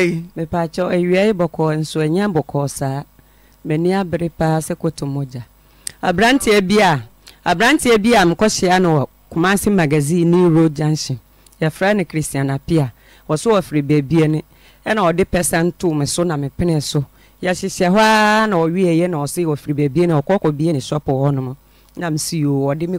yi. mepatwa ewia yi bɔkɔɔ nso enya bɔkɔɔ saa m'ani abere paa sɛ koto mogya aberanteɛ bia a aberanteɛ bi a mekɔhyia no wɔ kumasi magazine ne road junction yɛfrɛ no christian apia wɔso wɔfiri baabi ani ɛna ɔde pɛsɛn too me so na mepene so yɛhyehyɛ hɔ ara na ye na ɔse wɔfiri baabi ani ɔkɔkɔbie ne shop hɔ nom na msi yoo ɔde me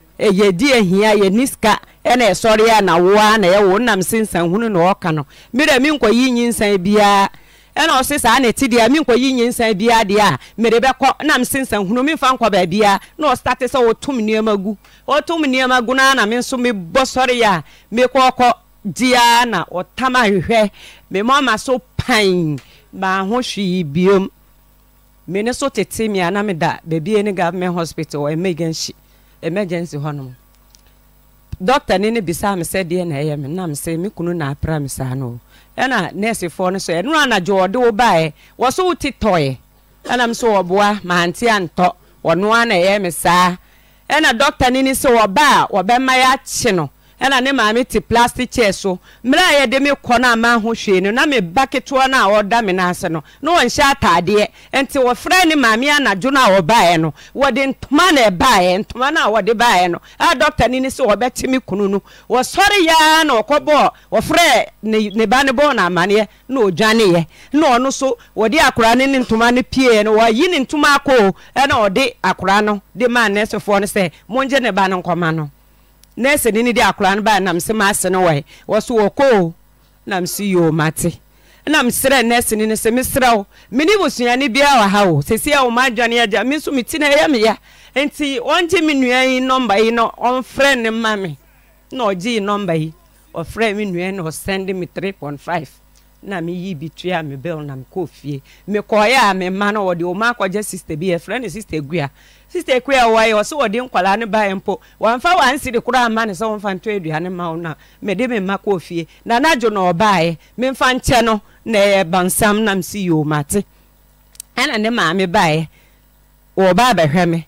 Eh, yɛdi ehia yɛni sika ɛna eh, ɛsɔre a eh, na woa na yɛwo nam se nsanhunu na ɔka no mmerɛ menkɔyi nyinsan biara ɛna ɔse saa na ɛti deɛ menkɔyi nyinsan biara deɛ a mmerɛ bɛkɔ nam se nsanhunu memfa nkɔ baabiara na ɔstate sɛ wɔtom nneɛma gu ɔtom nneɛma gu na a na me nso mebɔ sɔre a mekɔkɔ diara na ɔtam ahwehwɛ memɔ ma so pan maaho hwee biom me ne so tete me a na meda baabi ne government hospital ɛmɛganhyi emergency hɔnom dɔkta ni ne bisa me sɛ deɛ na ɛyɛ me nam sɛ me kunu na apra mi saa no ɛna nɛɛsifoɔ no sɛ ɛnu anadwo ɔde wo baeɛ wɔ so wote tɔɛ ɛnam mi sɛ ɔboa mante antɔ wɔnoa na ɛyɛ me saa ɛna dɔkta ne ne sɛ wɔba a wɔbɛma yɛ akye no. ɛna ne maame ti plastic chair so mmerɛ a yɛde me kɔ no a manho hwee no na me ba ketewa no a ɔda me n'ase no na wɔnhyɛ ataadeɛ nti wɔfrɛ ne maame anadwo no a wɔbaeɛ no wɔde ntoma na ɛbaeɛ ntoma no a wɔde baeɛ no a dɔkta ni ne sɛ wɔbɛte me kunu no wɔsɔre yaa na wɔkɔbɔɔ wɔfrɛ ne ba ne bɔɔ no amanneɛ na ɔdwaneeɛ na ɔno so wɔde akora ne ne ntoma no pieɛ no wɔayi ne ntoma akɔɔ ɛna ɔde akora no de maa nɛɛsefoɔ no sɛ mongye ne ba no nkɔma no nɛɛsi ni ne de akora no ba nam se maa se no wɔ wɔso wɔ koo nam se yi o ma te nam serɛ nɛɛsi ni ne se me serɛ o me ne busuani biara wɔ ha o sisi a wɔn adwane agya me nso me ti na ɛyɛ me ya nti wɔn gye me nua yi nɔmba yi na ɔnfrɛ ne ma mi na ɔgye yi nɔmba yi ɔfrɛ me nua yi na ɔsɛnde me three point five. na meyi bi tua me bɛl na mekɔ fie mekɔyɛ a mema no wɔde ma akɔgye sister bi ɛfrɛ ne sister gua sister kua wɔyɛ ɔsɛ wɔde nkwalaa ne baɛ mpo wɔmfa wansere koraa ma ne sɛ wɔmfa ntɔ aduane ma wo no mede mema kɔɔ fie na nadwo na ɔbaeɛ memfa nkyɛ no na ɛyɛ bansam nam si yɛ mate ɛna ne maame baeɛ wɔba abɛhwɛ me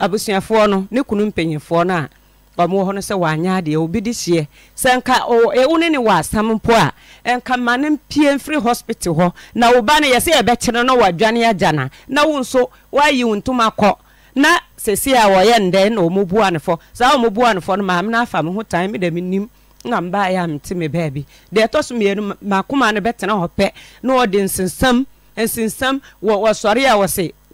abusuafoɔ no ne kunu mpanyinfoɔ no a ɔmo hɔ no sɛ wanyɛ adeɛ obi de hyɛ sɛ nka ɛwo ne ne wɔ asam mpo a nka ma ne mpie mfiri hospital hɔ na wo ba no yɛsɛ yɛbɛkyerɛ no wadwane agya na na wo nso woayi wo ntoma kɔ na sesi a wɔyɛ ndɛn na ɔmo bua ne fɔ saa ɔmo bua ne fɔ no maame no afa me ho tan me dɛm nim na mbaa yɛ a mete me baabi deɛ ɛtɔ so mmienu maakoma no bɛtena hɔ pɛ na ɔde nsensam nsensam wɔ wɔsɔre a wɔse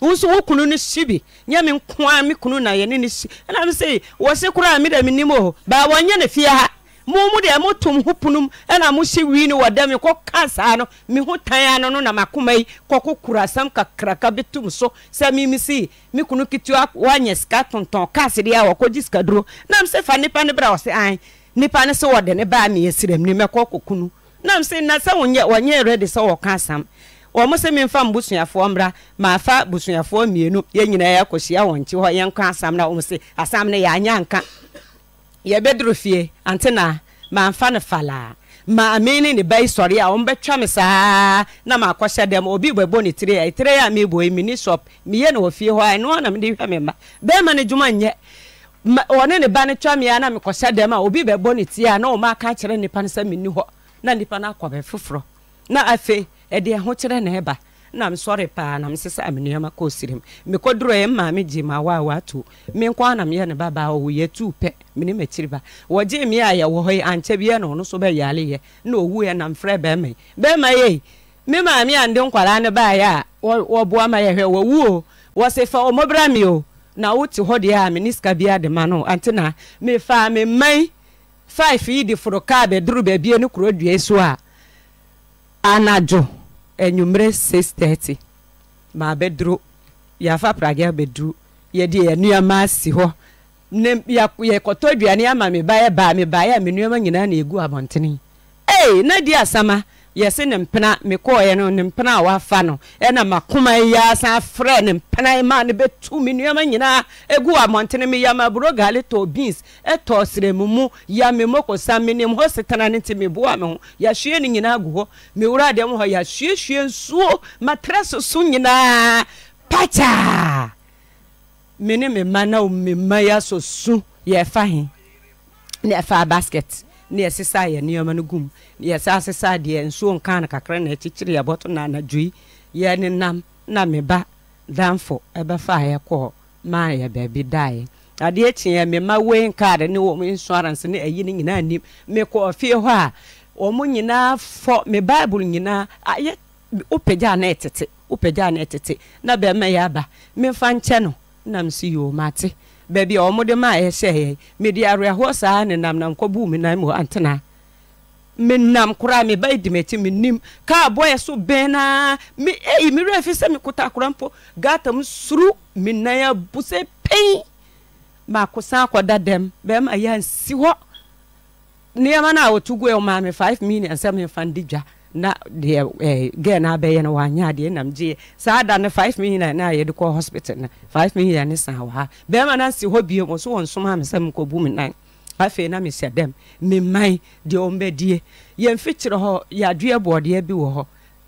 wusu wo kunu no si bi nyɛ me nkoa me kunu na yɛne ne si ɛna me se wɔ se koraa meda menim hɔ baa wɔnyɛ ne fie ha mo mu deɛ motom ho punum ɛna mohyɛ wii no wɔda me kɔka saa no me ho tan ano no na makoma yi kɔko kura asɛm kakraka bɛtom so sɛ meme si me kunu ketewa woanyɛ sika tontɔn kaase deɛ a wɔkɔgye sika duro nam sɛ fa nnipa no berɛ a ɔse an nnipa no sɛ wɔde ne baa meyɛ siramni mɛkɔ kɔkunu nam sɛ na sɛ wɔnyɛ ready sɛ wɔka asam wɔn sɛ mmefa mbusuafoɔ mmra maafa busuafoɔ mmienu yɛn nyinaa yɛkɔhyia wɔn nkyi hɔ yɛnka asam na wɔn sɛ asam no yɛanya nka yɛbɛduru fie antena mamfa no falaa maame ne ne ba yi sɔre a wɔn bɛtwa me saa na maakɔhyɛ dɛm obi bɛbɔ ne tire a tire a mi mebɔ yi mini shop meyɛ no wɔ fie hɔ a ɛno na mi de hwɛ me mma bɛrima ne dwuma nyɛ wɔne ne ba ne twa me a na mekɔhyɛ dɛm a obi bɛbɔ ne tie a na wɔn aka kyerɛ nipa no sɛ ni hɔ na nipa no akɔ bɛ foforɔ na afei ɛde ɛho kyerɛ na ɛba na mesɔre paa na mesesa me nneɛma kɔ siri m mekɔdurɔ ɛ mmaa me gye ma wa a waato menkɔ a na meyɛ ne babaa ɔwɔ yɛ tuu pɛ mene makyiri ba wɔgye me a yɛ wɔ hɔ yi ankyɛ biɛ na ɔno so yɛ na owu yɛ na mfrɛ bɛrima yi bɛrima yi me maame a nde nkwaraa no baeɛ a wɔboa ma yɛhwɛ wɔwu o wɔse fa ɔmɔbra me o na wote hɔ deɛ a mene sika bia de ma no ante na mefaa me man five yi de foro kaa bɛduru baabie ne kurodua so a anadwo enyimire six thirty maa bɛduro yɛafa prage abɛduro yɛde yɛ nneɛma asi hɔ ne yɛkɔtɔ aduane ama me ba yɛ baa me baa yɛ a me nneɛma nyinaa na egu abɔntene ee na di asama. yɛ se ne mpena mekɔɛ ne mpena waafa no ɛna makomaya sa afrɛ ne mpenama no bɛtu mennuama nyinaa gu a mɔntene meyamaburogaletɔ beans tɔsere mmu yamemksa menem hɔ setananoti meboa m ho yase no nyinaa gu hɔ mewura de mh yasese nsuo matra sosu nyinaa paa mene mema na mema ya sosu yɛ fa he na ɛfa basket ne yɛsesa yɛ nneɛma no gum ne yɛsa asesa deɛ nsuo nka no kakra na akyikyiri yɛbɔto na anadwoi yɛ ne nam na me ba danfo ɛbɛfa a yɛkɔɔ maa yɛ baabi daeɛ adeɛ kyeɛ me ma weighing card ne wɔn insurance ne ayi ne nyinaa nim mekɔɔ fie hɔ a wɔn nyinaa fɔ me bible nyinaa ayɛ wopagya na ɛtete wopagya na ɛtete na bɛrima yɛ aba memfa nkyɛ no nam si yɛ ɔmo baabi oh, eh, eh, a ɔmo de maa mede awerɛhoɔ saa ne nam nam kɔbu me nan mu oh, antena menam koraa meba di m'akyi menim kaa so bɛn naa me eyi eh, merɛ fi sɛ mekota kora mpo gata m suru me nan abu sɛ pɛi maako san akɔda dɛm bɛrima yɛ hɔ nneɛma no a wɔto guɛ ɔmaa me 5 million sɛ memfa nde dwa na deɛ ɛɛ gɛɛ na abɛyɛ no wanya adeɛ nam gyeɛ saa da no five million na yɛde kɔ hospital na five million ne san wɔ ha bɛrima na si hɔ bie mo so wɔn soma mi sɛ mo kɔ nan afei na mi hyɛ dɛm mi man deɛ wɔn bɛ die yɛn mfikyerɛ hɔ yadeɛ bɔɔdeɛ bi wɔ hɔ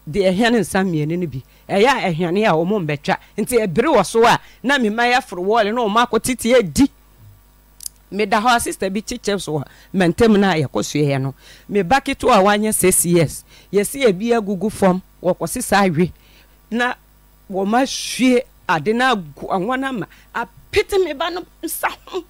deɛ ɛhɛn nsa mmienu no bi ɛyɛ a ɛhɛn a wɔn mbɛtwa nti ɛbere wɔ so a na mi man aforo wɔɔle na wɔn akɔ titi edi meda hɔ a sista bi kyekyɛ so mɛntɛm na yɛkɔ so no me ba ketewa a wanyɛ six years yɛsi ebi agugu fam wɔkɔsi saa awi na wɔn ahwie ade na agu anwa na ama apete mi ba no nsa ho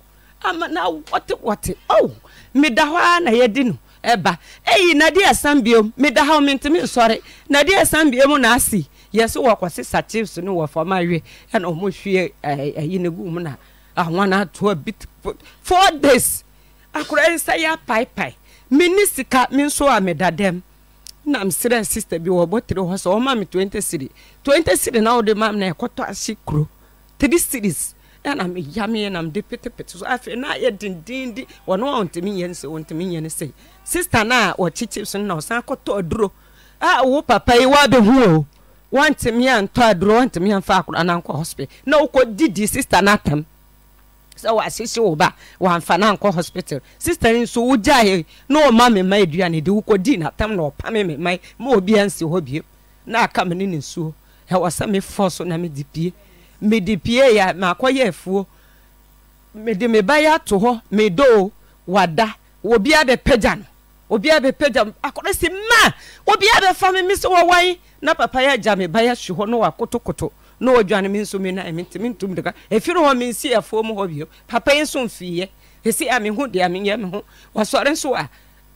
ama na wɔte wɔte ɔw oh, mi da hɔ ara na yɛdi no ɛba eyi nade ɛsan biom mi da hɔ mi ntumi nsɔre nade ɛsan biom na asi yɛsi wɔkɔsi sa chips no wɔ fam awi ɛna wɔn ahwie ɛyi na egu mu na anwa na ato a bit four days akora nsa yɛ apaipai mi ni sika mi nso a mi da dɛm. Nam mesrɛ sister bi wɔ bɔtere hɔ sɛ ɔma me 20 series 20 series na wode ma na ɛkɔtɔ ahye kuro 3 series ɛna meya meyɛ na mede petepete so afei na ayɛ dendenden wɔne wa ɔntimi nyɛ no sɛ ɔntimi nyɛ sister na a wɔkyekye so no na ɔsan kɔtɔ aduro a wo papa yi woabɛhu o woantimi antɔ aduro woantimi amfa akora nankɔ hospital na wokɔdidi sister na atam sɛ wɔasese wo ba wɔamfa no ankɔ hospital sister nso wogyae na ɔma me ma aduane de wokɔdii natam na ɔpame me ma ma obia nsi hɔ bio na aka me ne ne nsuo ɛwɔ sɛ mefɔ so na mede pie mede pie yɛ maakɔyɛ afuo mede me ba yɛ ato hɔ medoo wada obiara bɛpagya no obiara bɛpagya no akɔrɔ si ma obiara bɛfa me me sɛ wɔwae na papa yɛ agya me ba yɛ hwe hɔ na wakotokoto na ɔdwane me nso me na nan mente mentom deka ɛfiri hɔ mensi afuo mu hɔ bio papa yi nso mfiiɛ ɛsi a me meho deɛ meyɛ me ho wasɔre nso a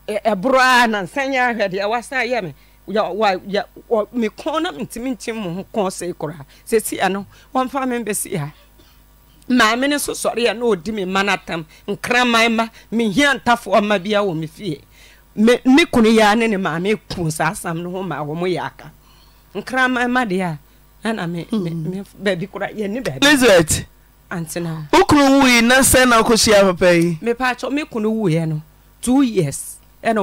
ɛborɔ a nansan yɛ ahwɛ deɛ wasan yɛ me ya ya wa me kɔn na mentimi nkyim mo ho kɔn kora koraa si a no wɔmfa me si ha maame ne so sɔre a na ɔdi me ma no atam nkraman ma mehia ntafoɔ ma bia wɔ me fie me me kunu yɛa ne ne maame ku saa asam no ho ma wɔ mo yɛ aka nkraman ma deɛ a elizabeth mm. wo kunu woi na sɛ na wokɔsia pɛpɛ yiti yeas ɛna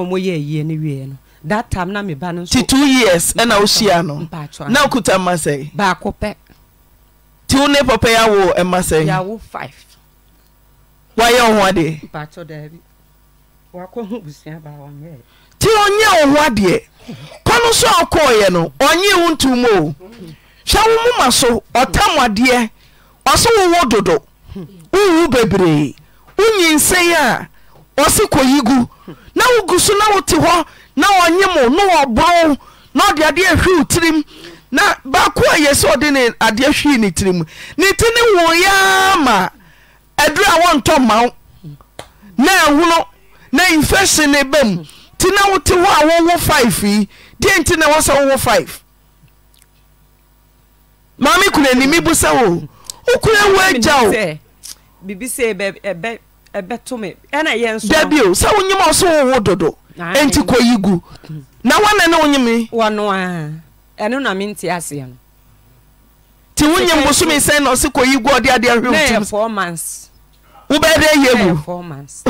wohyia no na wokuta ma sɛe ti wo ne pɔpɛ i awo ɛma sɛi wayɛ ɔ ho adeɛnti ɔnyɛ wɔ ho adeɛ kɔno nso ɔkɔɔyɛ no ɔnye wo ntom o mm. hwɛ wo moma so ɔtamoadeɛ ɔse wowo dodo wowu bebree unyi a ɔse kɔyi gu na wogu so na wote hɔ na ɔnyemo na na ɔde adeɛ hwiwo tirim na baako a yɛ sɛ ɔde ne adeɛ hwii ne tirim ne ti ne wo ma a wɔntɔ na na infection ne ba mu na wote hɔ a yi deɛ nti na maame kuna animi bu sɛ wo wokuna wo agya wodabio sɛ wonyim a wo so wowo dodo ɛnti kɔyi gu na woana ne wonyime nti wonyim bosome sɛn na ɔse kɔyi gu ɔde ade ahwewoti wobɛɛ dɛ yɛ gu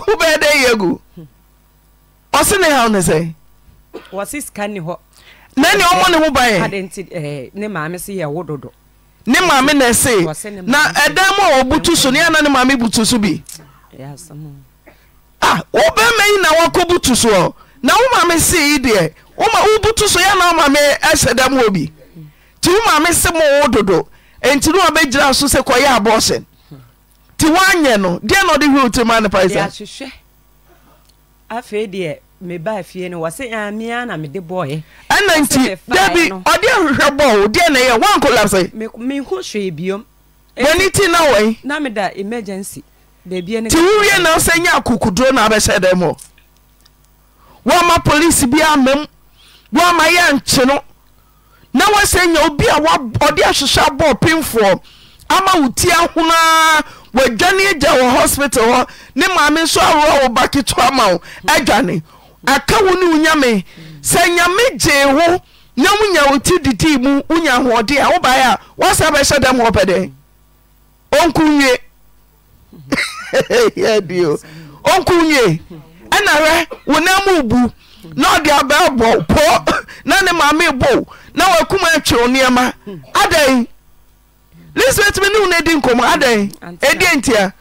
wobɛɛ dɛ yɛ gu hmm. ɔse ne haw ne sɛ na ɔmɔ ne ho baɛ eh, ne maame na ɛse na ɛdan mu a wɔbotu so ne ana ne maame botu so bi wobɛma yi na woakɔ botu soɔ na wo maame sei deɛ wobotu so yɛna na ahyɛ dam wɔ bi nti wo maame se mo wo dodo ɛnti ne wabɛgyira so sɛ kɔyɛ abɔhyɛn nti woanyɛ no deɛ na ɔde hwɛ wotirima ne pae sɛ mebaa fie no wɔse amea ah, ah, na mede bɔɔeɛ ɛna nti dabi ɔde ahwehwɛ bɔɔ deɛ na ɛyɛ woankolapse meho hwee biom w'ani ti na wɔi na meda emergency baabi nti wowie na sɛ nya akokoduro na abɛhyɛ dɛ mɔ woama polisi bi amam woama yɛ nkye no na woasɛ obi a ɔde ahwehwɛ bɔɔ pemfoɔ ama wo ti ahonaa wɔadwane agya wɔ hospital hɔ ne maame nso aworɔ wɔ ama wo adwane aka wo ne wonyame sɛ nyame gyee wo na wonya wo ti didii mu wonya hoɔde a wobaeɛ a woasa bɛhyɛ dɛm hɔ ɔnko nwie ɔnko nwie ɛna hwɛ na mubu na ɔde abɛɛbɔ pɔ na ne maame bo na wakuma atwew nneɛma adɛn ne wo nkɔmmɔ adɛn ɛdiɛ ntia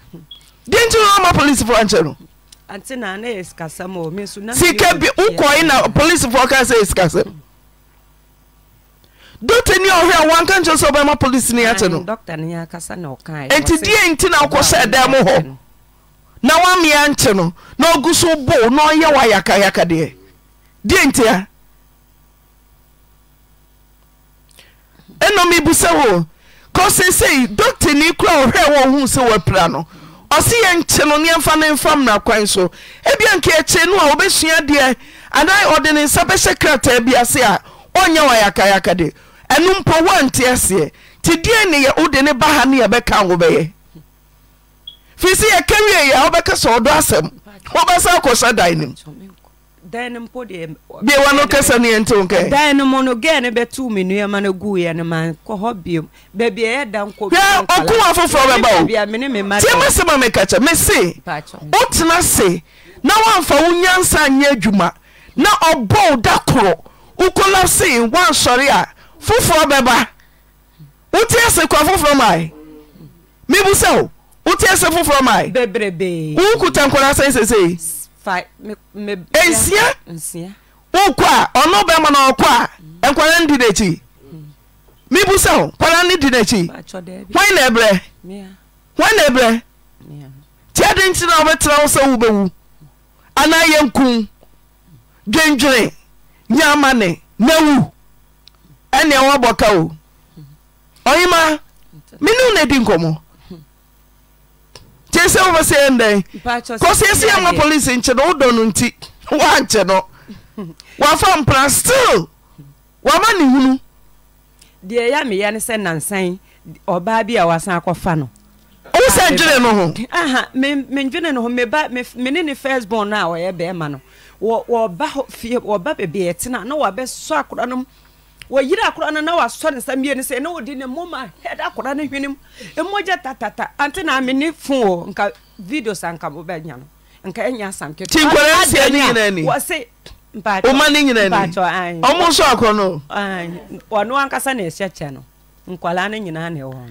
deɛ nti ama ankyɛ no sika bi wokɔe na policefoɔ ka sɛ ɛsikasɛm dɔkta ni ɔhwɛ a wanka nkyerɛ sɛ wobɛma police ni ate no e, enti deɛ nti na wokɔhyɛ ɛdɛn mo hɔ na woameɛ mụ no na ɔgu so bo na ɔyɛ wo ayakayaka deɛ deɛ ya. a ɛnɔm ibu sɛ ho kɔ sɛ sei dɔktani koraa ɔhwɛ wɔ hu sɛ wepụrụ no ɔse yɛ nkye no nneɛmfa ne nfa mmara kwan so ebia nke akye no a wobɛsua deɛ anaa ɔde ne nsa bɛhyɛ krataa bi ase a ɔnyɛ wayakayaka de ɛno mpo woante aseɛ nti deɛ ne yɛ ɔde ne ba ha ne yɛbɛka wobɛyɛ firi sɛ yɛ wieyɛ yɛ wobɛka sɛ ɔdo asɛm wobɛsa akɔhyɛ dan no mu. dan no mpo deɛ biewa no kasa no yɛnte wo kɛ dan no mu no gɛ ne bɛtoo me nnuama no guuɛ no ma nkɔ hɔ biom baabi ɛyɛ da nkɔ hwɛ ɔkoa foforɔ bɛba wotiɛma sɛ ma meka kyɛ me se wotena se na woamfa wo nyansa nyɛ adwuma na ɔbɔ wo da korɔ wokɔla se woansɔre a foforɔ bɛba wote ase kɔ foforɔ mae mebu sɛ wo wote ase foforɔ mae wokuta nkɔla sɛn sesei nsia wokɔ a ɔno bɛma na ɔkɔ a nkwara no di n'akyi mebu sɛ nkwara no di n'akyi hwan na ɛbrɛ hwan na ɛbrɛ tia de nkyi na wobɛtera wo sɛ wobɛwu anaa yɛ nku dwendwene nya amane na wu ɛnea wɔabɔ mm. o ɔyema mene wo na nkɔmmɔ tie sɛ wobɛsɛyɛ ndɛn kɔsɛ ɛsɛ yɛ ma police nkyɛ no wodɔ no nti woankyɛ no wafa mpra still wama ne hunu ya ɛyɛ meyɛ ne sɛ nansan ɔbaa bi a wɔasan akɔfa no wo sɛ dwene ah, no ho mendwene no ho mene ne first born no a ɔyɛ bɛɛma no wɔba bebee ɛtena na wabɛsɔ akora nom wɔyere akora no na wasɔre nsa mmienu sɛ na wɔde ne moma head akora no hwenem ɛmmɔgya tatata ante na amene o nka videos bɛ nya no nka ɛnya e asamketinkwara ne nyinaa ni wɔse woma ne nyinaa ni ɔmo nso akɔ no ɔno ankasa na ɛhyɛkyɛ no nkwalaa no nyinaa na ɛwɔ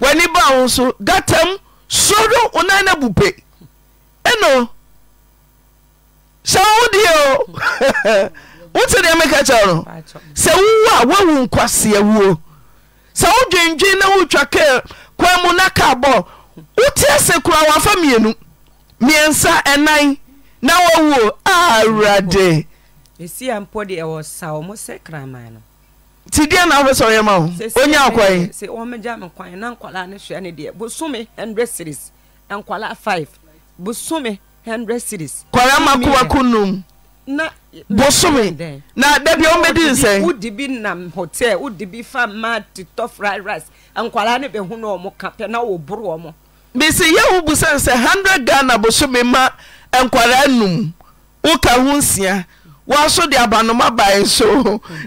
wani ba wo so gatam suroro wonan no bu pe ɛno sɛ wo wodeɛ o wote deɛ mɛkɛ kyɛw no sɛ wowu a woawu nkwasea wuo sɛ wo dwendwen no wotwa kɛ kwan mu no kabɔ wotease kora awo afa mmienu miɛnsa ɛnan na woawuo awurade nti deɛ na wofɛ sɛ onye ma wo ɔnya akwae ɔmɛgya kwan na nkwala ne hwɛ ne deɛ bosome 100 series nkwalaa 5 bosome 100 series kwara ma kowako num bosome na da bia wɔmbɛdi nsɛn wode bi nam hotel wode bi fa ma titɔ fried rice nkwalaa ne bɛhu no ɔmo ka pɛ na wɔboro ɔmo bisi yɛwo bu sɛ 100 ghana bosome ma nkwaraa num woka ho nsia woaso de aba nɔma bae so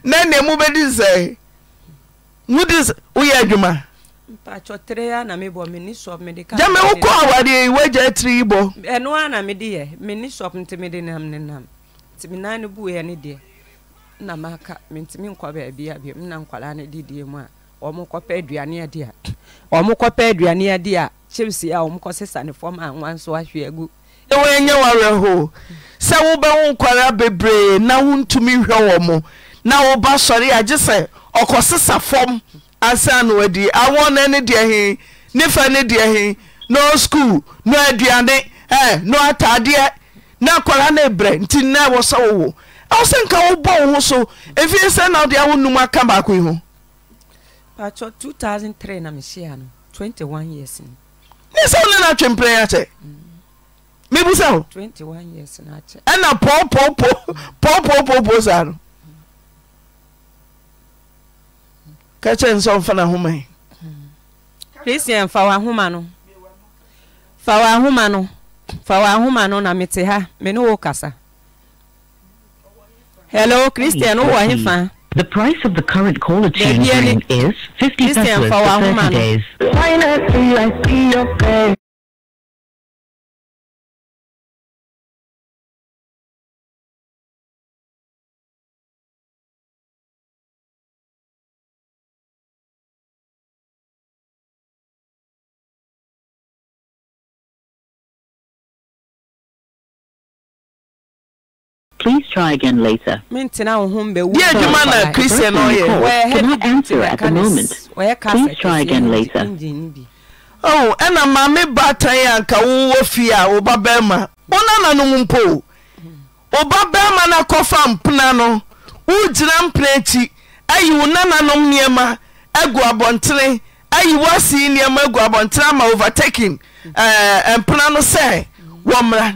na nneɛ mubɛdi sɛ odi woyɛ adwumagamɛ wokɔ awadeiwoagya atiri yi bɔmentimnk abiabi na nkwara ne didiɛ mu a ɔmo kɔpɛ adaned ɔmo kɔpɛ aduaneadi a kimseɛ a ɔmokɔ se sane fɔma awaso agu na wɔanyɛ wawerɛhoo sɛ wobɛwo nkwarea bebree na wontumi hwɛ wɔ mo na woba sɔre agye sɛ ɔkɔ sesa fam ansa na wadi awɔna ne deɛ he ne ne deɛ na ɔskuul aduane ataadeɛ na kwara no brɛ nti na wɔ sɛ wowo nka wobɔ wo ho so ɛfie na wode awo num aka baako yi ho ne sɛ wo ne no atwemprɛ mebusa ɛna pɔpɔpɔpɔpɔpɔ saa no ka kyɛ n sɛ ɔmfa no ahoma christian fa wahoma no fa wahoma no fa wahoma no na mete ha me ne hello christian wowɔ he fa The price of the current caller tune is 50 pesos for 30 days. Please try again later. Yeah, Christian cannot answer at the moment. Please try again later. Oh, ena mami baatan yi a nka wowɔ fie a wo ba bɛrima mpo wo ba bɛrima no akɔfa no wogyina mpena akyi ayi wo nananom nneɛma agu abɔntene ayi wasi nneɛma agu abɔntene ama overtaking ɛɛ eh, mpena no sɛ wɔmmra.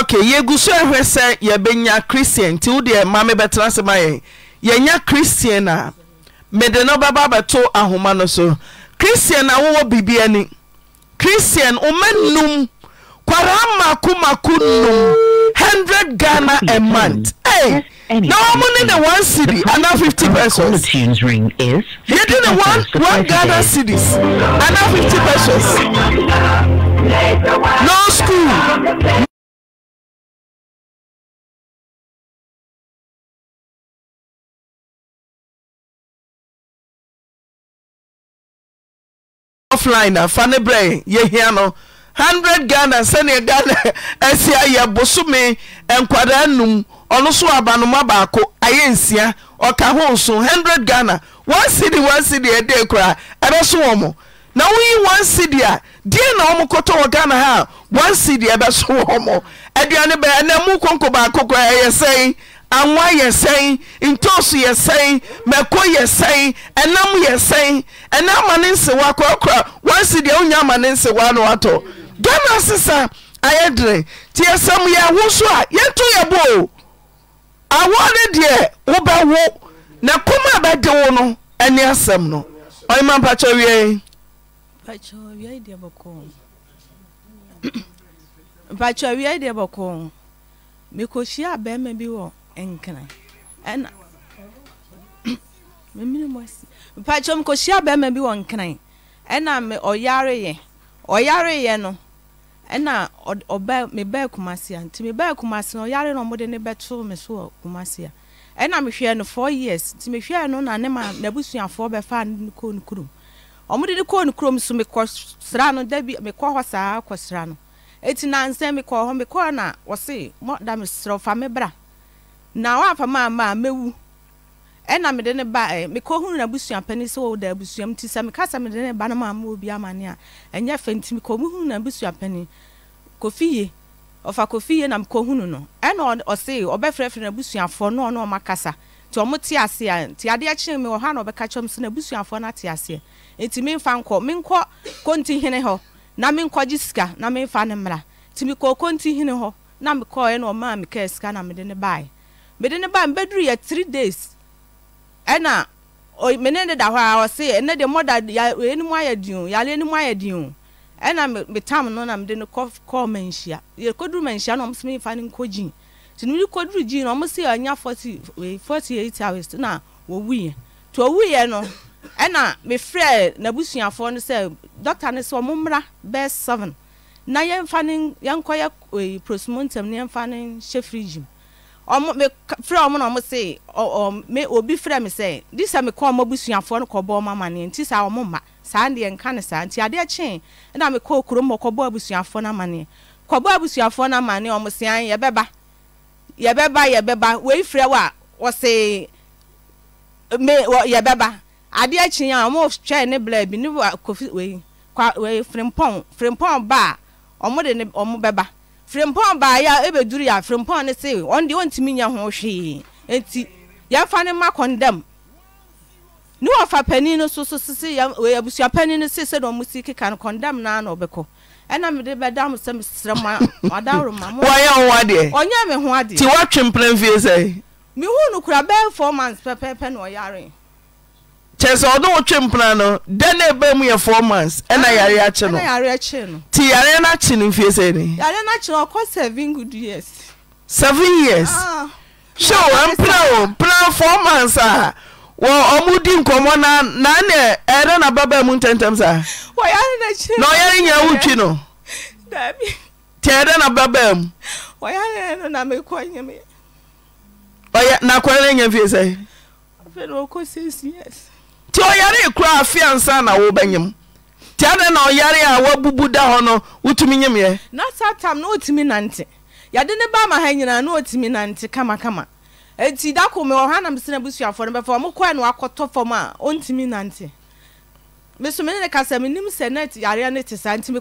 Okay, yegu so ɛhwɛ sɛ yɛbɛnya christian nti wodeɛ maame bɛtena se ma yɛn yɛnya christian a mede no bɛba bɛto ahoma no so christian a wowɔ biribi ani christian woma num kwaraa makomako num hundred ghana a month hey, na wɔn mo ne ne one city ana fifty pesos yɛde ne one one ghana cities ana fifty pesos no school. offline a fa ne berɛ yɛhia no Hundred ghana sɛneɛ ghana asi ayɛ bosome nkwadaa num ɔno so abanoma baako ayɛ nsia ɔka ho nso 100 ghana one city one city ɛde koraa ɛbɛso wɔn mo na woyi one city a deɛ na wɔn kɔtɔ wɔ ghana ha one city ɛbɛso wɔn mo aduane bɛyɛ na mu konko baako koraa ɛyɛ sɛn awa yɛ sɛn ntoso yɛ sɛn mako yɛ sɛn ɛnam yɛ sɛn ɛnɛ ama ne nsewa koakora wasi deɛ wonya ama ne nsewa no atɔ ga na sesa ayɛ dene nti yɛsɛm yɛ wo so a yɛnto yɛbɔo awode deɛ wobɛwo na koma a bɛde wo no ɛne asɛm no ɔima mpakeaawiei nkran ɛna mmiri mu asi mpakyɛm kɔhyia barima bi wɔ nkran ɛna me ɔyareyɛ ɔyareyɛ no ɛna ɔbɛ me bɛɛ a nti me bɛɛ no ɔyare na ɔmode ne bɛto me so wɔ kumasi a ɛna mehwɛ no four years nti mehwɛ no na ne ma n'abusuafoɔ bɛfa ne kɔɔ ne kurom ɔmode ne kɔɔ ne kurom so mekɔ sra no mekɔ hɔ saa kɔ sra no eti na nsɛn hɔ mekɔ na wɔse fa me bra na wafa maama a mɛwu ɛna mede ne ba mekɔhunu nabusua pani sɛ wɔda abusua m nti sɛ meka sɛ mede ne ba no ama obi ama amane a ɛnyɛ fɛ nti mekɔmuhunu nabusua pani kɔfie ɔfa kɔfie na mekɔhunu no ɛna ɔse ɔbɛfrɛfrɛ nabusuafoɔ na ɔne ɔma kasa nti ɔmo te ase a nti adeɛ kyerɛ mi wɔ hɔ na ɔbɛka kyerɛ m sɛ nabusuafoɔ no ate aseɛ nti memfa nkɔ menkɔ kontihene hɔ na menkɔgye sika na memfa ne mmara nti mekɔɔ kontihene hɔ na mekɔɔɛ na ɔmaa mekɛɛ sika na mede ne baeɛ mede ne ba mbɛduru yɛ three days ɛna mene ne da hɔ a ɔse ɛnɛ de mɔda ɛnim ayɛ diu, o yale ɛnim ayɛ den o me metam no na mede no kɔ kɔɔ manhyia yɛkɔduru manhyia na ɔmo sɛ mefa no nkɔ gyin nti no mede kɔduru gyin na ɔmo sɛ ɔnya forty forty eight hours na wɔwuiɛ nti ɔwuiɛ no ɛna mefrɛ n'abusuafoɔ no sɛ dɔkta no sɛ ɔmo mmra bɛɛ seven na yɛmfa no yɛnkɔ yɛ prosmontam no yɛmfa no nhyɛ firigyi mu frɛ ọmụ na ɔmo se obi frɛ sị sɛ sa mekọ ọmụ ɔmo afọ no ọmụ ama amanneɛ nti sa ọmụ ma saa ndị nka na saa nti adeɛ kyee na mekɔ kurom hɔ kɔbɔ afọ no amanneɛ kɔbɔ abusuafoɔ no amanneɛ ɔmo se an yɛbɛba yɛbɛba ba wei frɛ wo a wɔse me yɛbɛba adeɛ kyee a ɔmo twɛ ne bla bi ne wa kofi wei kwa wei frimpɔn frimpɔn ba a ɔmo de ne ɔmo bɛba frimpɔn baayɛ a ebeduru yɛ a frimpɔn ne se ɔn deɛ ɔntumi nya ho hwee nti yɛnfa ne ma kɔndɛm ne wɔfa panin no so so sisi yɛn abusua panin no sisi na wɔn si keka no kɔndɛm naa na ɔbɛkɔ ɛna mi de bɛ dam sɛ mesrɛ ma wadaworo ma mo. wɔnyɛ ho adeɛ. ɔnyɛ mi ho adeɛ. ti wɔtwe mpere fie sɛ. mi hu no kura bɛɛ four months pɛpɛɛpɛ na ɔyare. sɛ sɛ ɔde wo twe mpena no dan ne ba mu yɛ f months ɛna yare kye no nti yare noakye no mfie sɛ no s yeas sɛmpena pena fo manh a wɔmodi nkɔmmɔ nna ne ɛyɛdɛ nababaa mu ntɛmtɛm sana ɔyɛre nyinawotwi no ntiɛyɛd nababa muan nya mfie sɛ nti ɔyare koraa afiansa na wobɛnyim nti adɛn na ɔyare a wabubu da hɔ no wotumi na satam na ɔtumi nante yɛde ne ba ma ha nyinaa na ɔtumi nante kamakama nti da ko ɔha no na wakɔtɔ fam a ɔntumi nante mesomene ne kasa sɛ na yareɛ no te nti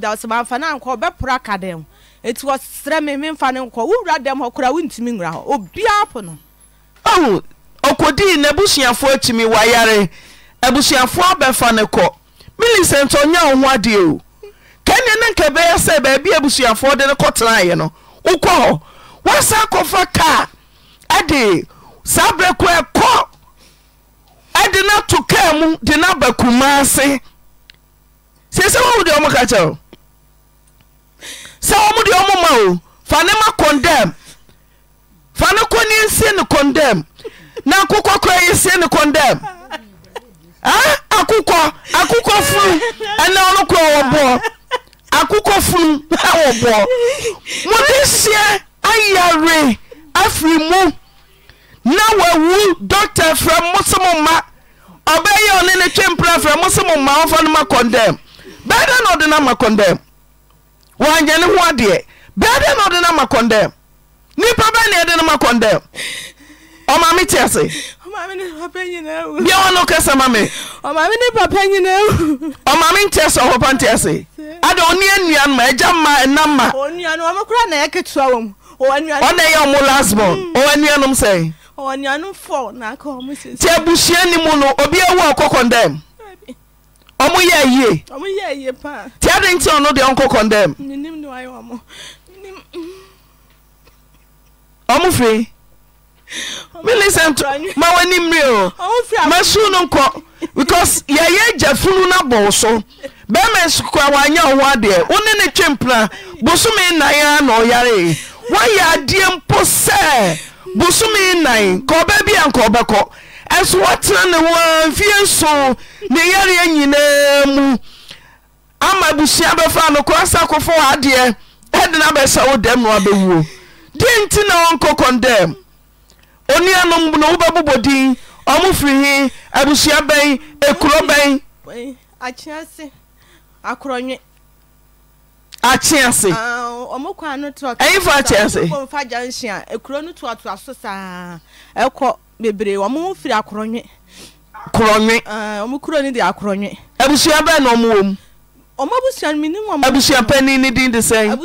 da ɔbɛpora ka dɛm nkɔ wura dɛm hɔ nwura hɔ ɔkɔdii n'abusuafoɔ akyimi wɔayare abusuafoɔ abɛfa ne kɔ milisɛnt ɔnya wo ho adeɛ o kɛnneɛ ne nkɛ bɛyɛ sɛ baabi abusuafoɔ de ne nọ no họ wasa akọfa kaa ịdị saa berɛ ko ɛkɔ na to kaa mu de na aba kuma ase sie sɛ womu deɛ ɔmo ka kyɛwo ọmụ wɔmu deɛ o fa ne ma kɔndɛm fa ne na akụkọ kora yi se ne condem akụkọ akụkọ funu ɛnɛ ɔno kora wɔbɔɔ akụkọ funu e, na wɔbɔɔ mode sie ayare afiri mu na wawu dɔkta frɛ mo se mo mma ɔbɛyɛ ɔne ne twempera frɛ mo se mo mma ɔmfa no ma condem bɛɛ dɛ na ɔde no ma condem wɔanyɛ ne ho adeɛ bɛɛ dɛ na ɔde no ma nnipa bɛ ne ɛde no ma condem ni ɔma me te ase bia wa no ni ma me ɔma me nte ase ɔpapa nte ase ada ɔne anua no ma agya ma ɛna ma ɔna ɛyɛ ɔmo lasbon ɔwɔ anuanom sɛ nti abusua ni mu no obi condemn. awu ɔkɔ kɔndɛm ɔmo yɛ yie nti ade nti ɔno deɛ ɔnkɔ kɔndɛm ɔmo fii minisɛnto ma w'animmerɛ o masu no nkɔ because yɛyɛ agya funu no abɔw so bɛima nsikora wanyɛ wo ho adeɛ wo ne ne twempena bosome nnan a na ɔyaree woayɛ adeɛ mpo sɛ bosome nnan ka ɔbɛ bi a nka ɔbɛkɔ ɛnso woatena ne woa mfie nso ne yareɛ nyinaa mu ama abusua bɛfa nokora sa kɔfɔ wɔ adeɛ ɛde na bɛsɛ wo dɛm no abɛwuo deɛ nti na wɔnkɔ kɔndɛm onianomna woba bobɔdin ɔmo firi he abusua bɛn kuro bɛn akeasef se ke abuua bɛn n ɔm abusua panine din de sɛ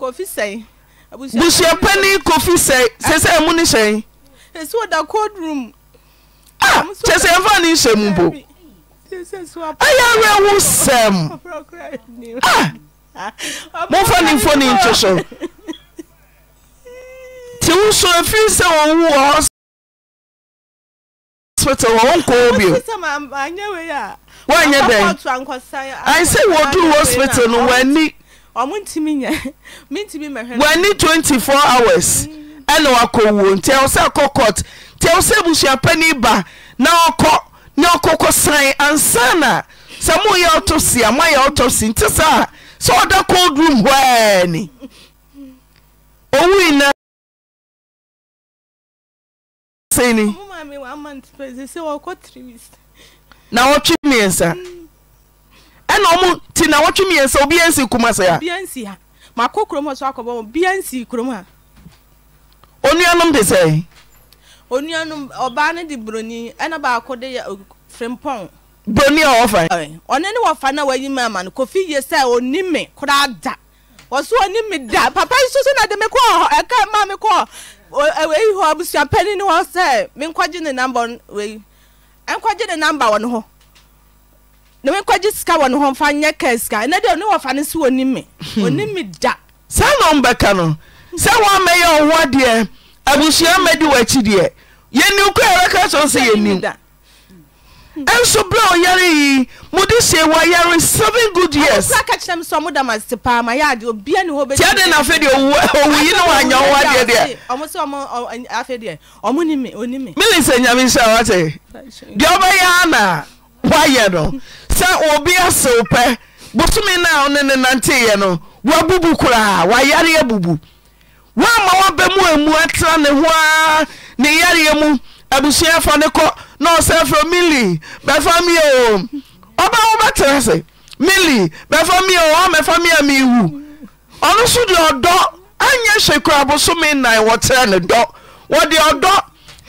kofi sɛn. busuapani kofi sɛn sɛsɛ ɛmu ni sɛn. esi wɔ da cold room. ah kyesɛ yɛn ni nhyɛ mu bo. ɛyɛ awɛ sɛm. ah mofa ni nfoni nkyɛ so. ti wusu efi sɛ wɔn wu wɔ hospital wɔn nkɔ obio. wɔn nyɛ dɛ. ayi sɛ wɔduru hospital no wɔn ani. wɔani 24 hours mm. ɛna woakɔ wuo ntiɛwo sɛ kɔ kɔt ntiɛwo sɛ abusua pɛne ba na ɔkɔ ne ɔkɔkɔ sae ansa n a sɛ moyɛ ɔtɔsi a moayɛ wɔtɔ si nte sa a sɛ wɔda cold room hɔɛni owuinsn na wotwe mmiɛsa mm. ɛna ɔmo ti na wɔtwe miɛnsa obi ansi kuma sɛ ha makɔ kurom so akɔbɔ obi ansi kurom ha Onuanum de sɛ Onuanum ɔbaa no de broni ɛna baako de yɛ frimpɔn Broni a wɔfa ɔne ne wɔfa na wayi mu ama no kofi yie sɛ oni me koraa da wɔso oni me da papa yi soso na de me kɔ ɛka maa me kɔ eyi hɔ abusua panyin ne hɔ sɛ me nkɔgye ne namba wei nkɔgye ne namba hɔ. na mi kɔgye sika wɔ ne hɔ nfa nyɛ kaa sika ɛnɛ deɛ ne wɔfa ne si oni mi oni mi da. saa na ɔmbɛka no sɛ wɔn amɛyɛ ɔho adeɛ abusua mɛdi wɔ akyi deɛ yɛni kɔ yɛrɛ ka sɔn sɛ yɛni hmm. ɛnso bla ɔyare yi mo de se wɔ yare seven good years. ɔkura ka kyerɛ mi sɛ ɔmo da ma paa ma yɛ adi obiɛ ni hɔ bɛ. tiɛ de na afɛ deɛ owu owu yi ni wa nya ɔwɔ adeɛ deɛ. ɔmo sɛ ɔmo afɛ deɛ ɔmo ni mi oni mi. mi ni sɛ nyamisɛ wa te deɛ ɔbɛyɛ ana wayɛ no. sɛ obi asew pɛ bosome na a wone nante nanteeɛ no wabubu koraa wayareɛ bubu wama woabɛ mu amu atra ne ho aa ne yareɛ mu abusua fa ne kɔ na ɔsɛ frɛ mili bɛfa mi o ɔba wobɛtera se mili bɛfa mi o ɔmɛfa mi a mewu ɔno so deɛ ɔdɔ anyɛ hwɛ kora bosome nnan wɔterɛ ne dɔ wɔde ɔdɔ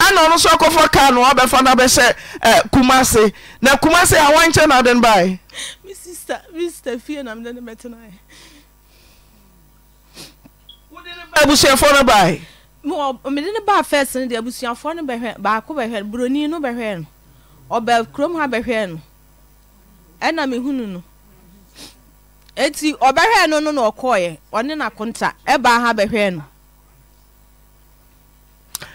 ana ɔno nso akɔfɔ kaa no eh, wabɛfa no na kuma a wɔnkyɛ no aden bae abusuafoɔ no bae ne baa fis no de abusuafoɔ no bɛhwɛ baako bɛhwɛ no buroni no bɛhwɛ no ɔbɛ kurom ha bɛhwɛ no ɛna no ɔbɛhwɛ no no na ɔne ha bɛhwɛ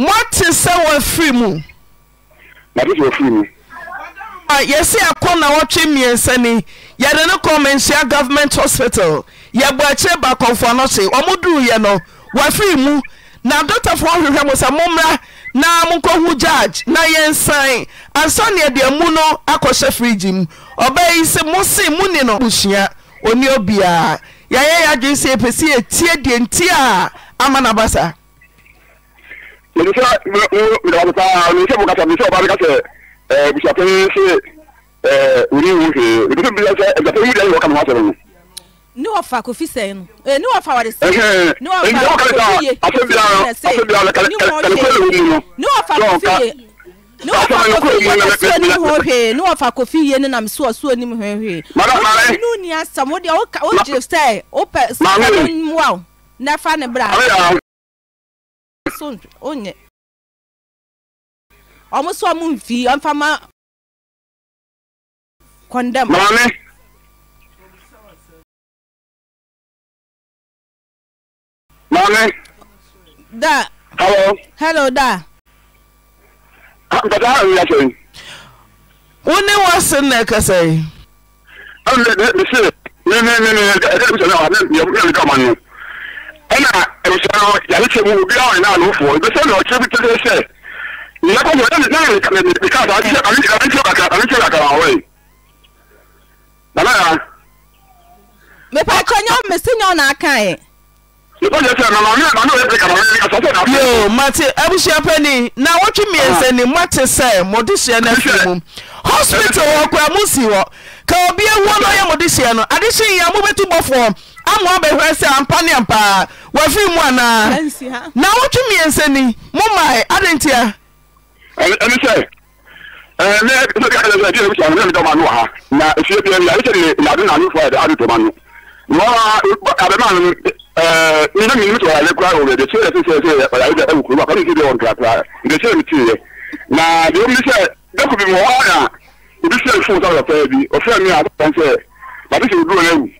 moate sɛ wɔafiri mu yɛse akɔ na wɔtwe mmiɛnsani yɛde ne kɔ manhyia government hospital yɛbɔ ba baakɔmfoɔ no hye ɔmoduruiɛ no wɔafiri mu na dɔtafoɔ hwehwɛ mo sɛ mommra na monkɔhu judge na yɛnsan ansɔneɛ deɛ mu no akɔhyɛ frigyi mu ɔbɛa yi sɛ mo se mu ni no busua ɔnni obiaa yɛayɛ yɛ adwene sɛ yɛpɛ sɛ yɛtie deɛ nti a ama no basa mèmísà mèmísà mèmísà bùkátà mèmísà ọba bìkátà ẹ bùsàpẹ ṣe ẹ òní wò ṣe ètùtù bí ẹsẹ ẹgbẹtẹ wíwú díẹ ní wọn kà mọ àṣẹ ní ọfà kò fi sẹ́yìn nù ẹ ní ọfà wà ni sẹ́yìn ní ọfà kò fi yé ní wọn ṣe ní ọfà kò fi yé ní wọn fa kofi yie na suo nim hwehwee ni wọn fa kofi yie ne nam suo suo nim hwehwee. mara ni yi. inú ni asam o de o gye sẹ o pẹ sẹ o mu a o na fa ne bra. ɔmosoamo mfi mfama kondemone wase nɛ ɛkɛsɛ ɛna ɛsɛ no mu obi awọn náà lófo ìgbésẹ̀ na ɔkyerɛ bi tẹ́lẹ̀ sɛ nyakɔ fún ɛna náà nìkan ní nìkan sá àbísɛ àbísɛ kàkà àbísɛ kàkà wà wẹ̀ nana yà. mipa atwa nyɛ mesi nyɛ ɔna aka yɛ. nipa jɛ sɛ na. yoo mate abusua panyin na wotwi mmiɛnsa ni mo sɛ mo de na fi mu hospital wɔ kura mo si hɔ ka obi ewu ɔno ɔyɛ mo de hyɛ no adehye yi a mo bɛtu ama ɔbɛhwɛ sɛ ampaneam paa wafii mụ anaa na wotwemmiɛnsɛ ni ndị na ɛfie bia mia ɛsɛ ndị nade ndị ɛde adetoma no abɛma no ndị ndị ndị na deɛ ndị sɛ ndị bi mɔhɔ na obi sɛ fo sa ndị bi ndị me a ndị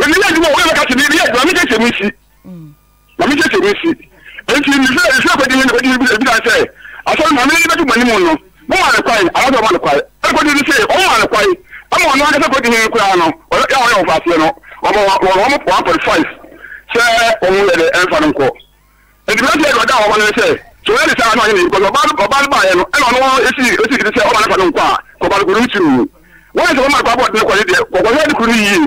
ɛni yɛ adwuma wɔyɛ bɛka kyerɛ ni yɛ adwuma mi kyɛ kyerɛ mi si na mi kyɛ kyerɛ mi si eti nifɛ nifɛ akɔdi yɛ nakɔdi yɛ bi nansɛ asɔrɔ maame yɛ bɛtu mɔni mu no mo ma nekwa yi alaafɛ ma nekwa yi ɛkɔdi yɛ nisɛ ɔmo ma nekwa yi ama ɔno ankasa kɔdi yɛ kura no ɔyɛ ɔyɛ ɔfa aseɛ no ɔmo ɔmo ɔmo one point five sɛ ɔmo yɛ de ɛnfa no nkɔ eti mi ati yɛ ɔda ɔmo no sɛ sɔrɔ yɛ de sɛ ano ayɛ ne because ɔbaa ɔbaa no baayɛ no ɛna ɔno esi esi kiri sɛ ɔba ne fa no nkɔ a kɔba no kuru ti wu wɔn yɛ sɛ ɔmo ma nekwa bɔ ɔdi ne kɔ ne deɛ kɔkɔ yɛ de kuru yie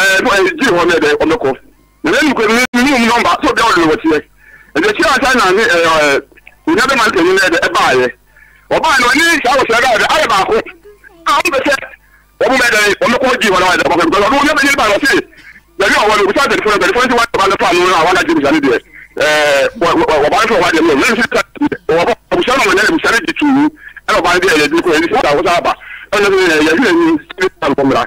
ɛdi hɔ no ɛdɛ ɔmɛkɔ ɛdɛ nukwu mi mi mu nɔmba so bi a ɔde wɔteɛ ɛdɛ kyerɛ asa na ne ɛɛ onyɛ bɛ ma nkanyi no ɛdɛ ɛbaayɛ ɔbaa no ɔne saa wɔ sɛ ɛdɛ ayɛ baako a ɔmo bɛ sɛ ɔmo bɛ dɛ ɔmɛkɔ di hɔ no ɛdɛ ɔmɛkɔ ɛdɛ ɔmo nyɛ bɛ yɛ baayɛ ɔsi bɛbi ɔwɔ no obusa bɛrifo bɛrifo nti wɔn ɛdɛ fa no a wɔn agye bisa ne deɛ ɛɛ ɔbaa nso wɔn adiɛ mɛ nsi ta ɔbɔ obusa no wɔn yɛ obusa ne di tuu ɛna ɔbaa ne deɛ yɛ di ko yɛ di sɛ ɔda wɔsa aba ɛna yɛ yɛ yɛ yɛ yɛ yɛ yɛ yɛ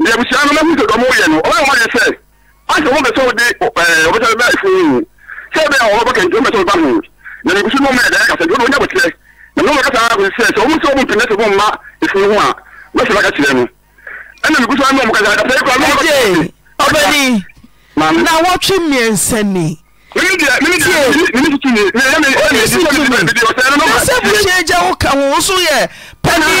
yẹbusia no mahu sɛ ɔmo yɛ no ɔbɛn wɔn yɛ sɛ asɛ wɔn bɛ sɛ ɔde ɛɛ ɔbɛ sɛ ɔbɛ fun yi sɛ ɔbɛ ɔbɛ bɔ kɛntɛn ɔbɛ sɛ ɔbɛ hun na ne kusin ɔmo yɛ dɛ kasa ɔmo nya bɔtɛ na ɔmo kasa ɔmo sɛ sɛ ɔmo sɛ ɔmo mpɛnɛ sɛ ɔmo ma efun ho a ɔbɛ sɛ ɔbɛ kyerɛ no ɛna ne kusin ɔmo kasa kasa ekura ɔmo kasa ɔbɛni na wɔtwe mmiɛnsa ni sɛ buhyɛ gya wo ka wo so yɛ pani wɔ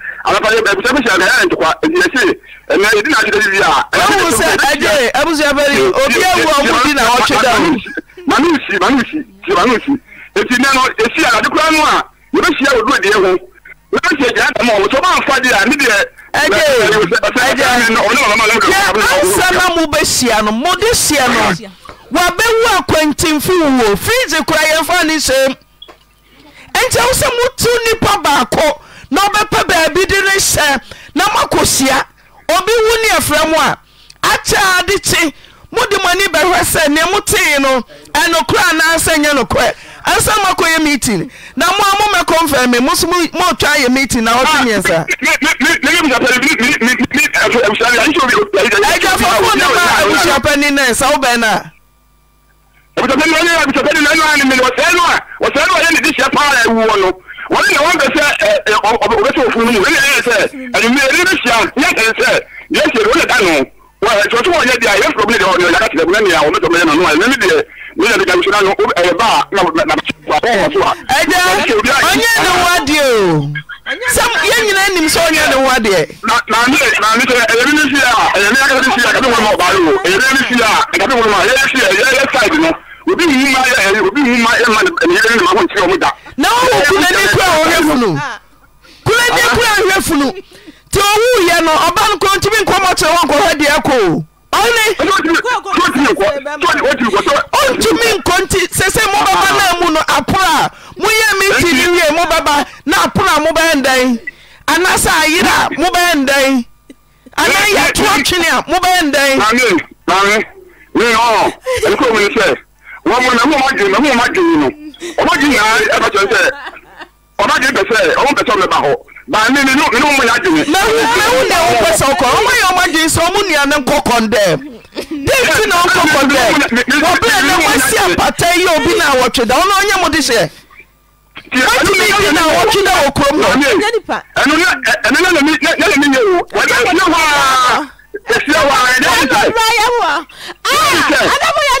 anapale baabi sɛ mehyɛ ɛyɛ ntokwa nti ɛsi ɛnɛ yɛdi na akyerɛ bi a ɛwu sɛ ɛgye abusua fɛri obi awu a ɔmo di na ɔtwe da manu nsi manu nsi ti manu nsi eti nɛ no esi a ade kura no a yɛbɛhyia wɔ do adiɛ ho yɛbɛhyia gyina dɛm a wɔtɔ ɔbaa nfa deɛ ne deɛ ɛgye ɛgye yɛ asɛm a mo bɛhyia no mo de hyia no wabɛwu akwantinfo wo fiizi kura yɛn fa ne hyɛm nkyɛn sɛ mo tu nipa baako na wobɛpɛ baabi de ne hyɛ na moakɔhyia obi wo ne afrɛ mu a akyɛa de kye mode mɔani bɛhwɛ sɛ neɛ motee no ɛnokorɔ anaasɛ nyɛ nokorɛ ansa moakɔyɛ meeting na mo a momɛkɔmfɛ me moso mootwa yɛ meeting na wɔte nyɛ sa agyafofo ne ma abusuapani nɛ sa wobɛn no a abusuapani nɛ abusuapani nɛ no a ne mene wɔsɛe no a wɔsɛe no a yɛ ne de hyɛ paa ɛwuɔ no wọn yẹ wọn bẹ sẹ ẹ ẹ o ọbẹ sọ fún mi wọn yẹ yẹ sẹ ẹnumí ẹni bí sàn yẹ kẹ sẹ yẹ sẹ wọn lè dà nù wọn ẹ sọtún wọn yẹ di a yẹ fúlọ bí yẹ ọdún yẹ yàrá tìlẹ bẹẹ ni àwọn mẹtọ bẹẹ nù ẹ nínú diẹ mi yẹ dika bisina nù ẹ yẹ na na na wà bọ wọn so a. ẹ jẹ ni wa di o sẹm yẹ nyina nim sọ ọnyẹ ni wa di. na na na ni si ni si a o ẹ yẹ na ɔwɔ kunani kora wɔhwɛ funu kunani kora hwɛ funu nti ɔwuiɛ no ɔba no kora ntumi nkɔmɔkyerɛ wɔnkɔhɔ deɛ kɔo ɔntumi nkɔ nti sɛ sɛ mobɛba no mu ti na a ọmọ gyi nyinaa ẹ bá kyerɛ sɛ ọba gyi pɛ sɛ ɔmo pɛ sɛ ɔmo ba hɔ baa mi mi mi mo yà gyi. mehu mehu na ɛwɔ pɛ sɛ ɔkɔ ɔmo yɛ ɔmo gyi sɛ ɔmo nua ne nkɔ kɔndɛm den ti na ɔkɔ kɔndɛm ɔbɛ na wasi apata yi obi na awɔtwe da ɔno ɔnyɛ mo de hyɛ wọ́n mi yìí na wọ́n tún náà wọ kurom náà. ẹnu ní ẹnu ní ẹnu ní ẹnu ní yẹ wo wọ́n yẹ wọ́n yẹ wọ́n a yẹ wọ́n a yẹ wọ́n a. adamu yẹ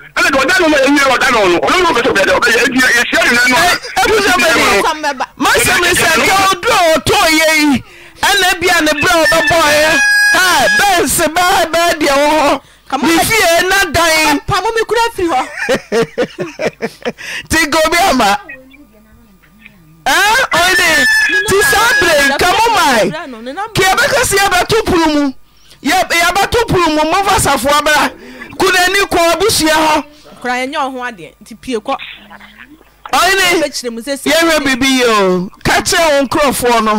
ɛna deɛ ɔda no ma ɛnyɛ ɔda no no ɔno no bɛsɛ bɛdɛ ɔbɛyɛ ɛdi ɛhyia ne nanu a ɛfisɛ bɛdi masɛm sɛ deɛ ɔduro ɔtɔɔ yɛ yi ɛna bia ne berɛ ɔbɛbɔɔyɛ ha bɛnse bɛɛ bɛɛ deɛ wɔ hɔ nifie na dan pamo me kura firi hɔ ti ko bi ama ɛɛ eh, ɔyini ti saa bere kamo mae kì í ɛbɛkɛsi ɛbɛto puru mu yɛ ɛbɛto puru mu mo fa safo abira. kunani kɔ abusua hɔ ene yɛwɛ biribi ye o ka kyeɛ wɔ nkurɔfoɔ no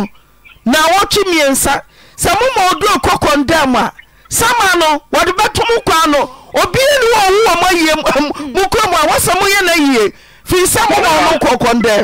na wɔtwemmiɛ nsa sɛ moma ɔdu kɔ kɔndɛm a sɛma no wɔde bɛtom koano obie ne wɔɔwuwɔ mayie mu koromu a wɔsɛmoyɛ no ayie firi sɛ momaɔno kɔ kɔndɛmni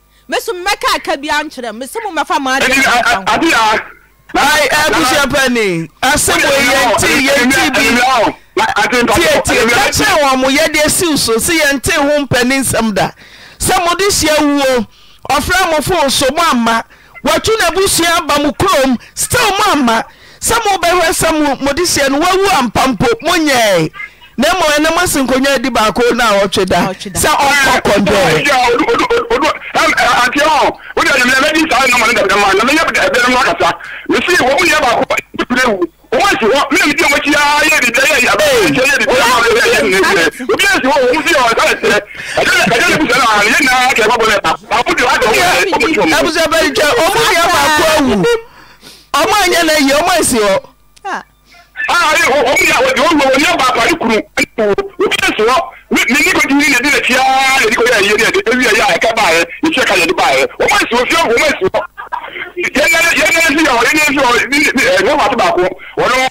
mesu mmeka aka bi ankyerɛ mesu mu mɛfa maa de ɛkyerɛ nkanko. ayi abusua panyin asemu yɛnti yɛnti bi tie tie kakyɛ wɔn mo yɛde esiw so si yɛnti ho mpanyin nsɛm da sɛ mo de hyia wuo ɔfra mo fo so mo ama watu na abusua ba mo kurom still mo ama sɛ mo bɛhwɛ sɛ mo mo de hyia no wawu ampampo mo nyɛɛ na mmom ɛnam asi nkonnwa adi baako na ɔtwe da sɛ ɔkɔ kɔndɔɛ. ohun tí ọ̀rọ̀ sọ̀rọ̀ tẹ̀ ẹ̀jẹ̀ ẹ̀jẹ̀ lè bùsọ̀ náà àríyé náà kẹ̀ ẹ̀fọ́ bọ̀lẹ̀ pa àbúrò tí wàá dọ̀ wọ́n ẹ̀bùsọ̀ bẹ́ẹ̀ jẹ́ ọmọ yẹn máa kó ẹ̀wù ọmọ yẹn lè yẹ ọmọ ìsìn ọ. ayi o o mi àwọn ìdíwọ́ wo ni ọba àpárí kuru o kí ẹsùn ọ mi ní kojú ní ẹdí ẹtí á ẹdí kojú ẹyẹ ní ẹdí ẹbí ẹyẹ àyíká bá rẹ iṣẹ kalẹ ní bá rẹ o má ìsìn òfin ọgùn o má ìsìn ọ yẹn ní ẹsìn ọ yẹn ní ẹsìn ọ ní ẹ ní ọba àti bàkú ọdún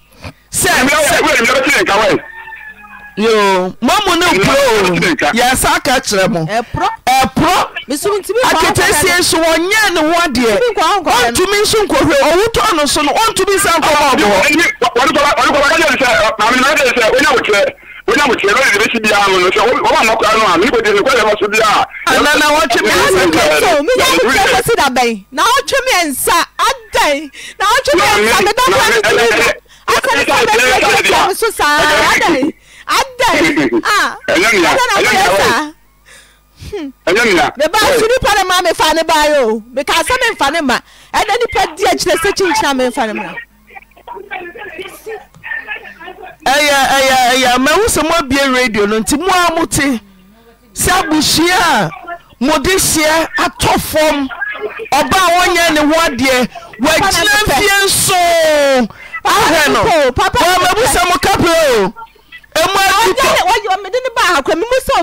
sẹ sẹ yoo mọ́mú ní puro yẹnsa ká kyerẹ mu ẹ̀pọ̀rọ̀ aketesie nso wọ́n nyẹ́ ni wọ́n deẹ wọ́n tumi nso nkohwe owó tọ́ no so no wọ́n tumi nsa nkọ́mọ́ ọ̀bọ̀. wọ́n ní kọ́ba kájọ ní sẹ́ maame ní kájọ ní sẹ́ wọ́n yà wò tiẹ̀ wọ́n yà wò tiẹ̀ lórí ìdíbẹ́sì bíi àmì ní sẹ́ wọ́n máa nọkọ̀ àánú àmì nígbàdí ní kọ́lẹ̀ mọ́sọ bíi à. mi nsa kẹ́kẹ́ mi yà wò tiẹ̀ kọ́sí dàbẹ̀yìn na wọ́n mi nsa adẹ̀yìn na wọ́n mi nsa mi dàbẹ̀yìn akɔni kɔ bɛ fi ɛdi ɛdi ɛmu so saa adayi adayi ah ɛdɛ na mo yɛ saa bɛba nso nipa ne ma mi fa ne ba yɛ o bika asɛ mi nfa ne ma ɛdɛ nipa di akyerɛ sɛ kyinkyin a mi nfa ne ma. ɛyɛ ɛyɛ ɛyɛ mɛwusa mu abie radio no nti mu a mu te sɛ abusua a mo de hyɛ atɔ fam ɔbaa wɔnyɛ ne ho adeɛ wɔagyina fie nso ahɛ no wɔmabu sɛ mo kapɛ o ɛmu atipɔmede ne ba akwa memu sɛ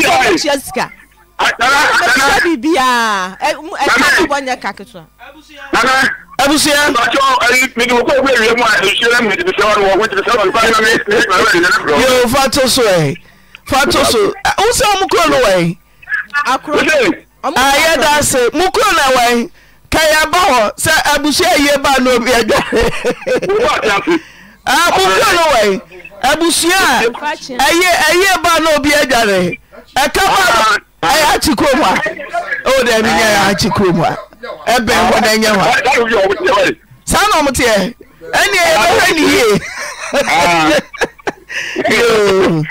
obiakyia sika mɛsua biribiaa ɛkabɔ nyɛ ka ketewa abusua. yoo fa to so ɛ fa to so wosɛ ɔmo kuro no wɔ yi. akuro ɔmo kuro no wɔ yi. ayɛ daase mo kuro na wɔ yi. sɛ yɛba hɔ sɛ abusua yie ba na obi adware amohwɛ ah, no wai abusua a ɛyie ba na obi adware ɛka ba no ɛyɛ akyi kurom a ɛwɔ dɛ bi nyɛ akyi kurom a ɛbɛn hɔ na nyɛ hɔ a saa na ɔmoteɛ ɛnneɛ yɛbɛhwɛ ne yie ah.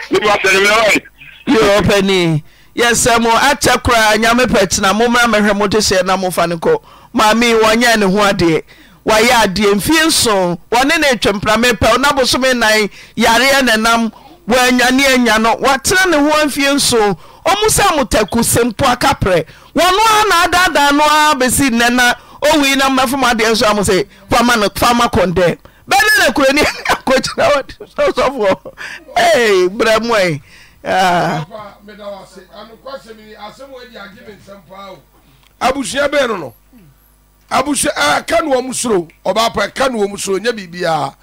yoo ɔpɛni yɛsɛ mo akyɛ koraa nyame pɛ tena mommra mɛhwɛ mo te na maame wanyɛ ne ho adeɛ wayɛ adeɛ mfie nso wɔne ne twɛmprame pɛw na bosome nan yareɛ ne nam wɔanyane anya no watena ne ho amfie nso ɔmu sɛ motaku sempo aka prɛ wɔno a naadaadaa no ara bɛsi nnɛ na owui na mmafom adeɛ nso a mo sɛ fama no fama kɔndɛ bɛne na kurani akɔgyina wɔsɔfoɔ brɛ mu ɛ ah. abusua bɛɛ no no abusua ɛka no wɔn soro ɔbaapa ɛka no wɔn soro nye biribiara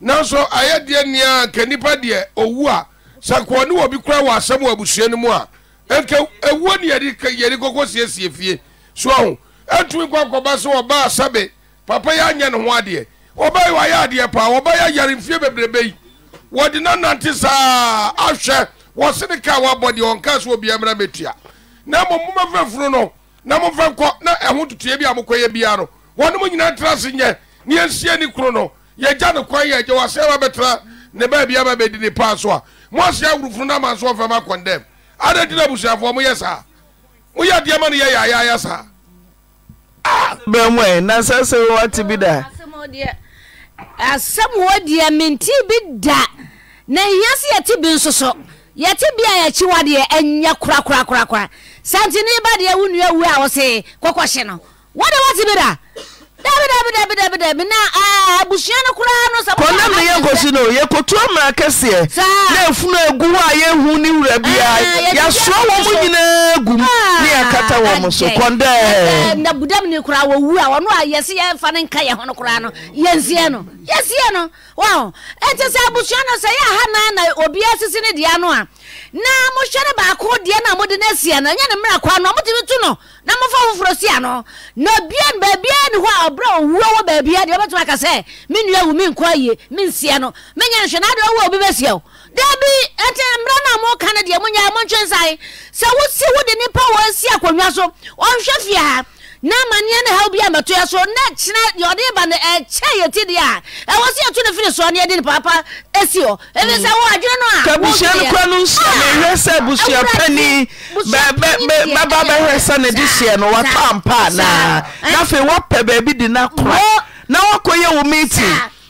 nanso ayɛ deɛ nia nka nipa deɛ owu a sakoɔ ne wɔ bi kura wɔ asɛm wɔ abusua no mu a nka ewuo ne yɛde yɛde koko siesie fie so ɔho ɛtumi kɔ akɔba so ɔba asabe papa yɛ anya ne ho adeɛ ɔba yɛ wayɛ adeɛ paa ɔba yɛ yare mfie bebrebe yi wɔde na nante saa ahwɛ wɔsi ne kaa wabɔ deɛ ɔnka so obiara mmerɛ metua na mmom mmomafɛfuru no na momfa nkɔ na ɛho tutuɛ bi a mokɔyɛ biara no wɔne mo nyinaa tra se nyɛ ne yɛnsie ne kuro no yɛgya ne kwan yɛ agya wɔasɛ bɛbɛtra ne baabi aba bɛdi ne paa so a mo ase awurufunu no ama nso ɔfam akɔndɛm ada di no abusuafoɔ moyɛ saa moyɛ adeɛ ma no yɛ yɛayɛayɛ saa ah! bɛmɔe na sɛ sɛ wɔte bi da asɛm hɔ deɛ mente bi da na hia sɛ yɛte bi nso so yɛte bi a yɛkyiwadeɛ ɛnyɛ korakorakorakora sante ne ba deɛ wonnawu a wɔse khe no wode wte bida ɛbuua no aknd meyɛkse n yɛkoto mmakɛseɛna afunu ago ɔa yɛhu ne wurabiaa yɛso wɔ mu nyinaa gum ne akata so k budamnkoaw ɔnɛseyɛfn ho yɛsie no wow ɛnti sɛ abusua no sɛ yɛ aha naa na obiara sisi ne deɛ no a na mohwɛ no baako deɛ no a mode no asia no ɛnyɛ ne mmerɛ kwa no ɔmotumi to no na mofa foforɔ sia no na bia no baabia ne hɔ a ɔberɛ ɔwuo wɔ baabia deɛ wobɛtumi aka sɛ me nua wu menkɔ yie mensia no menyɛ nhwɛ na ade ɔwɔ obi bɛsia o dabi ɛte mmerɛ no a moka no deɛ monyɛ montwe nsae sɛ wosi wode nnipa wɔ asi akonnwa so ɔnhwɛ fie ha na amanneɛ ne haw bi a mɛto yɛ so na kyerɛ deɛ ba no ɛkyɛ yɛ ti deɛ a ɛwɔ sɛ yɛto ne firi soɔ ne yɛde ne paapa asi hɔ ɛfi sɛ wo adwene no a kabusua no kora no nsua ah! mehwɛ sɛ busua pani bɛba bɛhwɛ sɛ ne de hyeɛ no watɔ ampa anaa na afei woapɛ baabi di no akora na woakɔyɛ wo meeting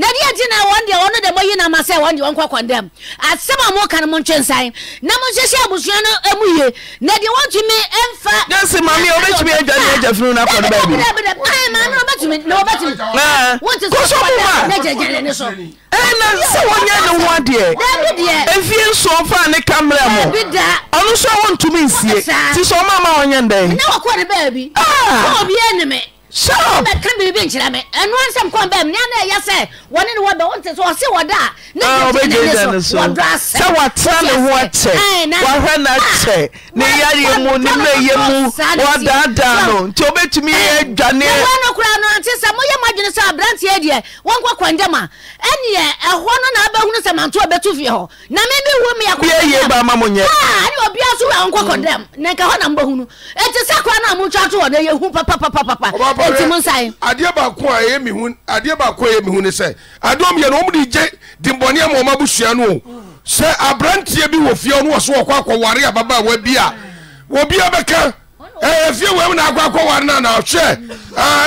na di nti na wɔn deɛ wɔn deɛ wɔyi na ama sɛ wɔn deɛ wɔn kɔ kɔndɛm asɛm a mo ka no mo ntwe nsan na mo nhyehyɛ abusua no emu yie na deɛ wɔn tumi mfa. nɛsi maami o bɛ tumi edwa ne ɛgya funu na kɔdu baabi. dabi dabi ɛɛ maami o bɛ tumi na o bɛ tumi. na sɛ wɔn nyɛ ne ho adeɛ. dabi deɛ. fa ne kamara mu. dabi da. ɔno nso wɔn ntumi nsie. ti sɔ ɔmo ama wɔn nyɛ ndɛ. ne wɔ sɛbɛka biribi nkyerɛ me ɛno ansɛm kɔn ɛyɛ sɛ wɔne ne wɔbɛ sɛ wɔda ne so wɔdɔ asɛ sɛ ne ho akyɛ wahwɛ no akyɛ ne yareɛ mu ne mu wɔdaadaa no nti wobɛtumi yɛ no no sɛ moyɛ mo adwene sɛ aberanteɛ deɛ ɛhɔ no na sɛ hɔ na nka hɔ na sɛ no a no ah, mm. papapapapa nti mu nsae. adeɛ baako a ɛyɛ mi hu adeɛ baako a ɛyɛ mi hu ni sɛ adeɛ mi yɛ no wɔn de gye dimbɔni ama wɔn abusua no o sɛ aberanteɛ bi wɔ fie ɔno wɔso ɔkɔ akɔware ababaawa bi a obi abɛka ɛɛ fie wɔm na akɔ akɔware na na ɔhwɛ ɛɛ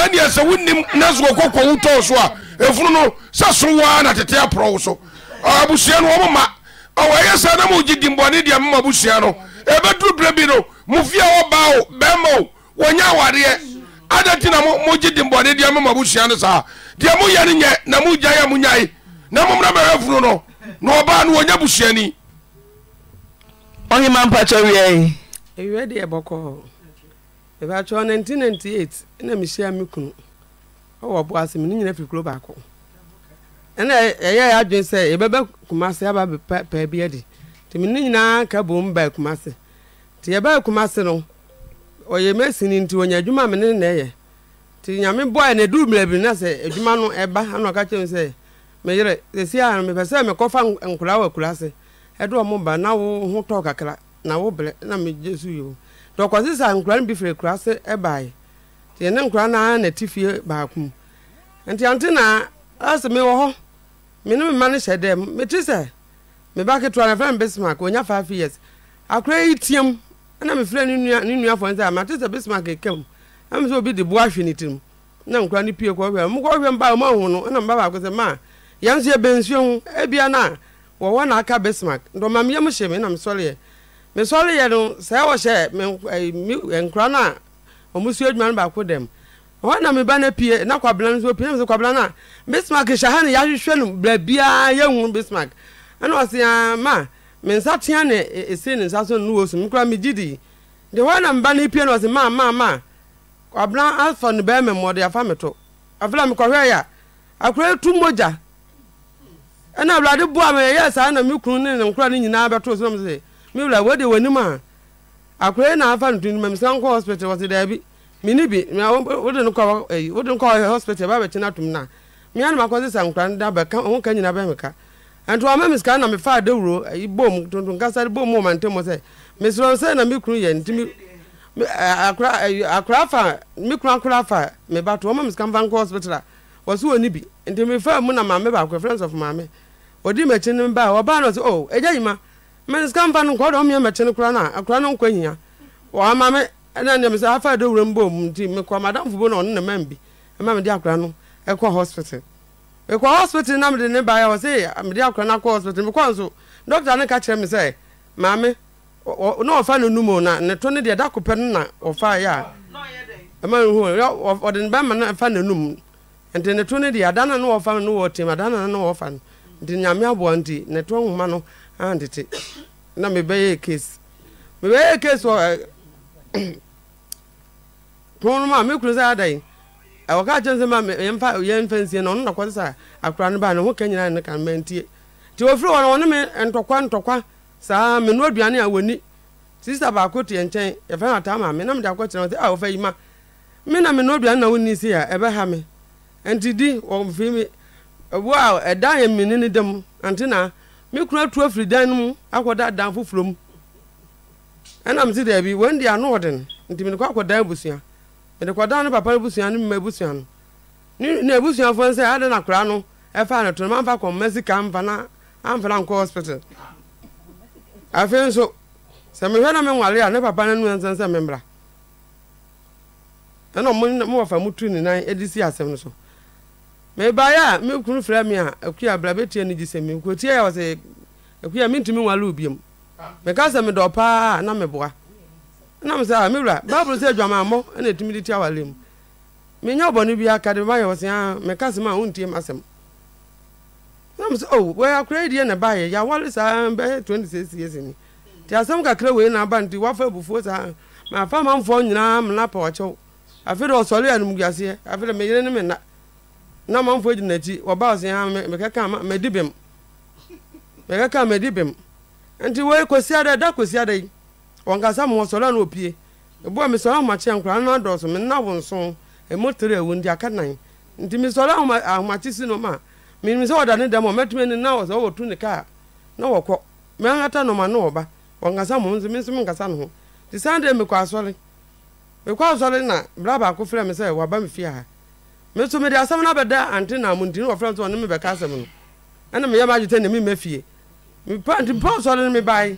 ɛni ɛsɛ wunim naso ɔkɔ kɔwu tɔɔ so a efunu no sɛ sunwaa na tete apɔrɔ wo so abusua no wɔn ma ɔwɔ ɛyɛ sɛ ɛna mo gye dimbɔni deɛ mo ma abusua no ɛbɛduru bere bi no mo fie ɔbaa o bɛrima o wɔnyɛ awareɛ. ada nti na mogye de mbɔne deɛ mema bosua saa deɛ nyɛ na mogyae a monyae na bɛhwɛ funu no na ɔbaa no wɔnya busuani ɔhema bɔkɔ 1998 na mehyia me kunu ɔwɔ ase me ne nyina firi kuro baako ɛna ɛyɛ adwene sɛ yɛbɛbɛ kumase aba paabi adi ne nyinaa ka bom kumase kumase no ɔyɛ mesini nti onye adwuma na ɛyɛ nti nyame bɔɛ na edu mmerɛ bi na sɛ adwuma no ɛba ana ɔka kyerɛ me sɛ meyerɛ esi a mepɛ sɛ mekɔfa nkora wɔ akura ase ɛde ɔmo ba na wo ho tɔ kakra na wo na no bi firi akura ase na ti fie baako mu nti ante na hɔ ne hyɛ sɛ ketewa five years yi ɛna mefrɛ ni nua ne nuafoɔ sɛ mate sɛ bismark kam ɛm sɛ obi de boa hwe ne tirim na nkora ne pie kɔhwɛ mokɔhwɛ mba ɔma ho no ɛna mba baako sɛ ma yɛn nso yɛbɛnsuo ho ebia no a wɔwɔ na aka bismark dɔmameyɛ m hye me na mesɔreɛ mesɔreɛ no sɛ wɔhyɛ eh, eh, nkora no a ɔmosua adwuma no baako dɛm hɔ na meba no pie na kwabena no nso pie na mesɛ kwabena no a bismark hyɛ ha ne yɛahwehwɛ no bra biaa yɛhu bismark ɛna ɔse me nsa tea na e, e, ese ne nsa so no wo so me kura me gidi de hɔ na mba ne pie na ɔsɛ maa maa maa kwabena afa ne bɛrɛ mɛmɔ de afa me to afela me kɔhwɛ ya akora etu mogya ɛna awurade boa me yɛ saa na me kunu ne ne nkura ne nyinaa bɛto so na me sɛ me wura wo de w'anim a akora na afa ne to me sɛ nkɔ hospital wɔsi daabi me ni bi na ne kɔ ɛyi wode ne kɔ hospital ba bɛkyɛ na atum na me anam akɔ sɛ sa nkura ne da bɛka wɔn ka nyinaa bɛmeka nti wɔn mɛmi sika na mi fa adewuro ayi eh, bom tuntun kasa bom wɔn mante mo sɛ mesoro sɛ na mi kunu yɛ nti mi eh, eh, akora ayi fa mi kunu akora fa mi ba to wɔn mɛmi sika nfa nkɔ hospital a wɔsi wɔ ni bi nti mi fa mu na maame baako friends of maame odi mɛ kyi ne ba ɔbaa na ɔsi o oh, egya yi ma mɛmi sika nfa no nkɔ dɔn mi yɛ mɛ kyi ne kora na akora no nkɔ nyia wɔn maame ɛna nea mi sɛ afa adewuro mu bom nti mi kɔ madam fubo na ɔno na mɛm bi ɛma mi di akora no hospital. mekɔ hospital na mede ne baeɛ wɔ sɛ mede akora no akɔ hospital mekɔ nso dɔkta ne ka kyerɛ me sɛ maame na ɔfa no num na ne to ne deɛ da kopɛ no na ɔfaeɛ a ɛma hu ɔde ne bɛma no fa n'anum nti ne to no deɛ ada na wɔfa no wɔtem ada na wɔfa no nti nyame aboa nti ne to ahoma no antete na mebɛyɛ case mebɛyɛ case wɔ kronoma eh, mekunu sɛ adɛn ɛwɔ kaa kyɛn sɛ ma yɛmfa yɛmfa nsie na ɔno nakɔ sa akora no baa ne ho ka nyinaa ne ka mma ntie nti wɔfiri hɔ no wɔne ntɔkwa ntɔkwa saa menu aduane a wɔni sista baako teɛ nkyɛn yɛfɛ no ataa maame na mede akɔkyerɛ sɛ a wɔfa yi ma me na menu aduane na wonni si a ɛbɛha me nti di wɔmfiri me wo a ɛdan yɛ mmini ne dam ante na me kunu atu afiri dan no mu akɔda dan foforɔ mu ɛnam si daabi wɔn deɛ ano wɔden nti mede kɔ akɔdan abusua mede kɔda no papa abusua ne mma abusua no na abusuafoɔ no sɛ ade na koraa no ɛfa no to no mamfa kɔmma sika mfa na amfa na nkɔ hospital afei nso sɛ mehwɛ na menwale a ne papa no anuansɛn sɛ membra ɛna mowɔfa mutu ne nan ɛde si asɛm no so mebaeɛ a me kunu frɛ me a akua bra bɛtia no gye sɛ me nkotie a wɔ sɛ akua mentumi nwale wo biam meka sɛ medɔ paa na meboa nam saa ah, mewura bible sɛ adwamammɔ ɛna ɛtumi de ti awale mu menyɛ ɔbɔne bi aka de mayɛ wɔ se ah, meka sɛm a wontie m'asɛm nam sɛ o oh, wɔyɛ akora adie baayɛ yɛawale saa bɛyɛ 26 years ni nti asɛm kakra wei na aba nti abufuo saa nyinaa mena ɔkyɛw afei de ɔsɔre afei de meyere ne me na na manfoɔ gyina akyi wɔbaa ah, se mekɛka madi bem mekɛka madi bem nti wei da yi wɔnkasa mu wɔsɔrɔ na opie ebu a mesɔrɔ ahomakye ankora no adɔɔso me nna wo nso emu tere ewu ndi aka nan nti mesɔrɔ ahomakye si no ma mmienu sɛ ɔda ne dɛm ɔmɛtumi ne nna wɔ sɛ ne kaa na wɔkɔ mɛnkata no ma ne wɔba wɔnkasa mu nso me nso nkasa ne ho te saa de mekɔ asɔre mekɔ asɔre na bra baako frɛ me sɛ waba me fie ha me nso mede asɛm no abɛda ante na mu nti ne wɔfrɛ me sɛ ɔne me bɛka asɛm no ɛna meyɛ ma agye ne me mma fie mpa asɔre no mebae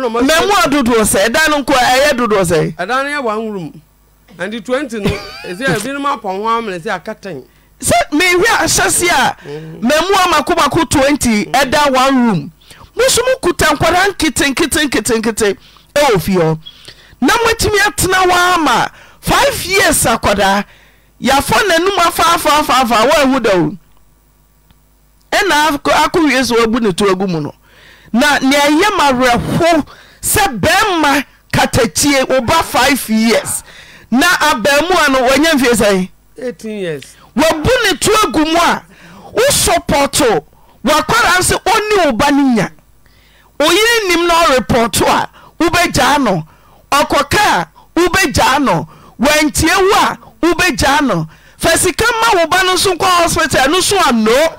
ma moa dodoɔ sɛ ɛda no nk ɛyɛ dodoɔ sɛsɛ mehwɛ ahyɛseɛ a ma moa ma ko mako 20 ɛda one room moso mo kuta nkwadaa keteketeketeketen ɛwɔ fie hɔ na motumi atena wa ama 5i years sa kɔdaa yɛfɔ nanom faafaafaafaa woahu da o ɛna akɔ wi s abu ne toagu mu no na nea ɛyɛ mawerɛho sɛ bɛrima katakyie wo 5 years na abaamu a no wɔanya mfie sɛe wabu ne to agu mu a wo sɔpɔto wakwara nse ɔnni wo ba no nya oyere nim na ɔrepɔto a wobɛgyaa no ɔkɔka a wobɛgyaa no wantie wo a wobɛgyaa no fa sika ma wo no nso nkɔ hospital no so anoo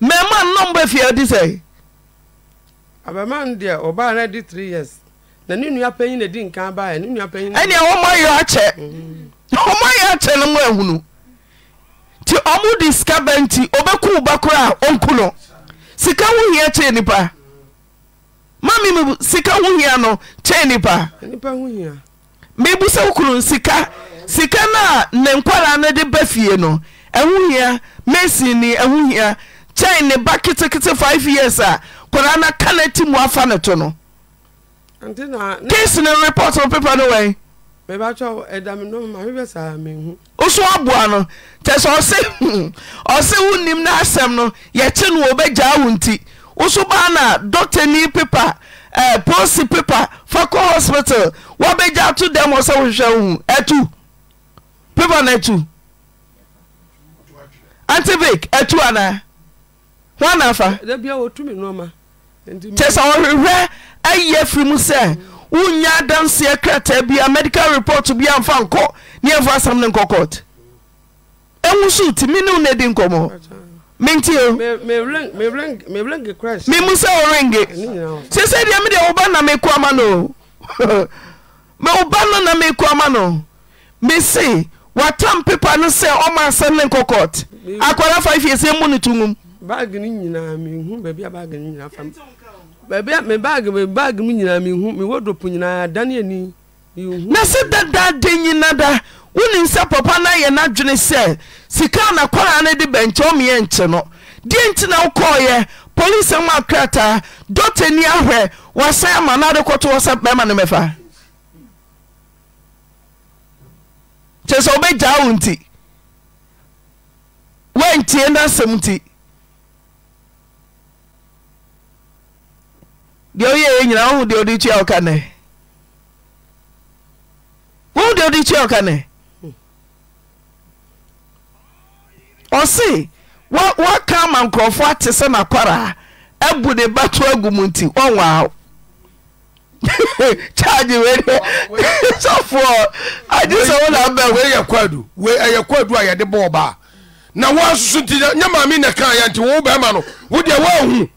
mmarima nnom bɛ fie ɔdi sɛ. abɛma no deɛ ɔbaa no adi three years na ne nua panyin na e di nkan baeɛ ne nua panyin. ɛnni wɔn ayɔ akyɛ wɔn ayɔ akyɛ no mu ehunu nti wɔn di sika bɛn ti ɔbɛku ba koraa ɔnku no sika ho hia kyɛn nipa maami mi sika ho hia no kyɛn nipa. nipa ho sika sika na ne nkwara fie no e mesin ni e kyɛn ne ba ketekete five years a koraa na ka na ti mu afa ne to no case ne report no paper no wɛn woso eh, aboa no kyɛ sɛ ɔse ɔse wonnim no asɛm no yɛkye no wɔbɛgyaa wo nti woso baa na paper. pepa eh, posi pepa fa kɔ hospital woabɛgya tu dɛm ɔ sɛ wohwehwɛ wo hu atu pepa no atu antibic atu anaa ho na fatɛ sɛ wɔhwehwrɛ ayi afiri mu sɛ wonnya adanseɛ krataa bia amedical report biaamfa nkɔ neaf asɛm ne nkɔkɔ hu so wtemenendi nkɔmɔ mentio memu sɛ ɔenge seise deɛ medeɛ woanama nowoba no nameku ama no me se watam pepa no sɛ ɔma asɛm ne nkɔkɔ akarafafie sɛ mu no to baagi no nyinaa mehu beebi a baagi no nyinaa fam beebi a me baagi me baagi mu nyinaa mehu me wodopo nyinaa dane ani na sɛ dadaa de nyina da wonim sɛ papa na ayɛ n'adwene sɛ sika na kwara no de bɛnkyɛ ɔmeyɛ nkye no deɛ nti na wokɔɔyɛ polisi mu akrataa dɔta ni ahwɛ wɔsan ama no ade kɔto hɔ sɛ bɛrima no mɛfa kyerɛ sɛ gya wo nti woantie no asɛm nti deɛ woyɛɛ nyina wohu deɛ wode tua woka nɛ wohu deɛ wode tua woka nɛ ɔse woaka ma nkurɔfoɔ ate sɛ nakwaraa abu e ne bato agu mu nti ɔwaa charge wɛdeɛ sɔfoɔ agye sɛ kwadu ɛyɛ eh, a yɛde na nti nyɛ maame na kaa yɛ nti wo bɛrima no wodeɛ woahu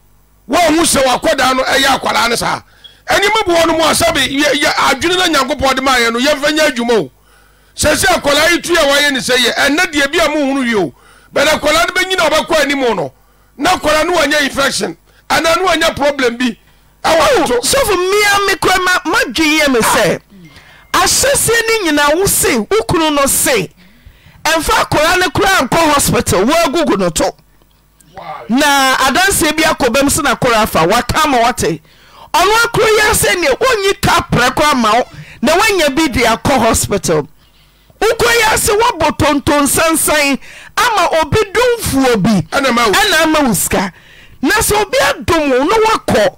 wohu sɛ akwadaa no ɛyɛ akwadaa no saa ɛnima bu hɔ no mu a sɛbe adwene no nyankopɔn de maayɛ no yɛmfa nya adwuma o sɛ akwadaa yi tu a wɔayɛ ne sɛ yɛ ɛnɛ deɛ bi a mohunu yi o but akwadaa no bɛnyina wɔbɛkɔ anim no na akwadaa no wanya infection anaa no wanya problem bi sɛfo mmea me kora ma madwe yɛ me sɛ ah. ahyɛseɛ no nyinaa wo se wo kunu no se ɛmfa akwaraa no koraa nkɔ hospital woagugu no to na adanseɛ bi akɔbam so na afa waka ma wote ɔno akoro yɛ sɛneɛ wonyi ka prɛ ma wo na woanya bi de akɔ hospital wokoro yɛ se woabɔ tontonsansan ama obi domfuo bi ɛna ama wo sika na sɛ obi adom wo woakɔ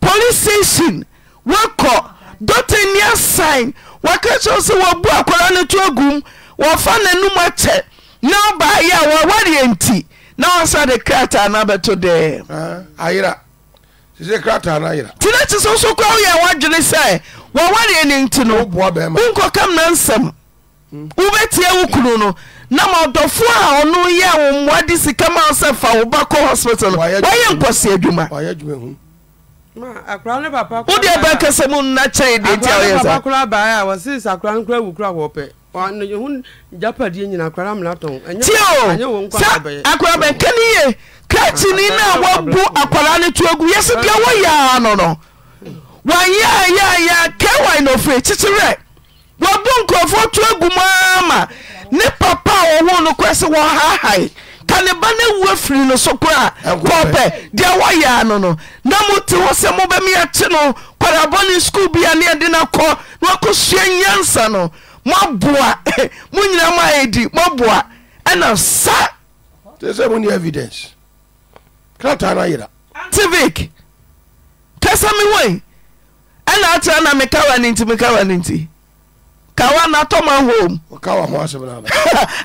police station woakɔ dɔta sɛ wɔabu akɔra no to agum wɔfa n'anom akyɛ na ɔbaayɛ a wɔawareɛ nti na ɔnsa de krataa no abɛto dɛ ayera sise krataa no ayera nti na kyi so so kora woyɛ woadwene sɛ wɔwareɛ ne nti no wonkɔkam na nsɛm wobɛtie wo kunu no na ma ɔdɔfoɔ a ɔno yɛ wo mmoa de sika ma wo sɛ fa wo ba kɔ hospital no wɔyɛ nkɔse adwuma wodeɛ bɛkasɛ mu nna kyɛe deɛ nti a woyɛ sa ɔhun japadeɛ nyina akwara amena tɔn. tiɛ o sɛ akwara bɛn kɛnɛ yie kɛɛkyi ni na wabu akwara ne tuo gu yɛsi deɛ wɔyɛ ano no wɔyɛ ayɛ ayɛ kɛwai na ofiri kyekyerɛ wabu nkurɔfoɔ tuogu gu ne papa a wɔwɔ no kɔ ɛsɛ wɔn hahae kaneba ne wu afiri no so koraa kɔɔpɛ deɛ wɔyɛ ano no na mote hɔ sɛ mobɛmi akye no kwadabɔne skuul bi a ne ɛde no kɔ na wakɔsua nyansa no moboa mo nyina mo aɛdi moboa ɛna satik kɛsɛ me h ɛna atera na mekawa n nti mekawa nonti kawanatɔmahomnmekawa no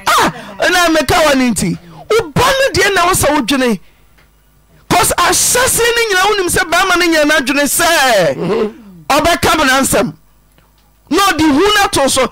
ah, nti woba no deɛ na wosɛ wo dwene cause asɛse ne nyina wonim sɛ bama no nyanodwene sɛ mhm. ɔbɛka benansɛm na ɔde hu no to so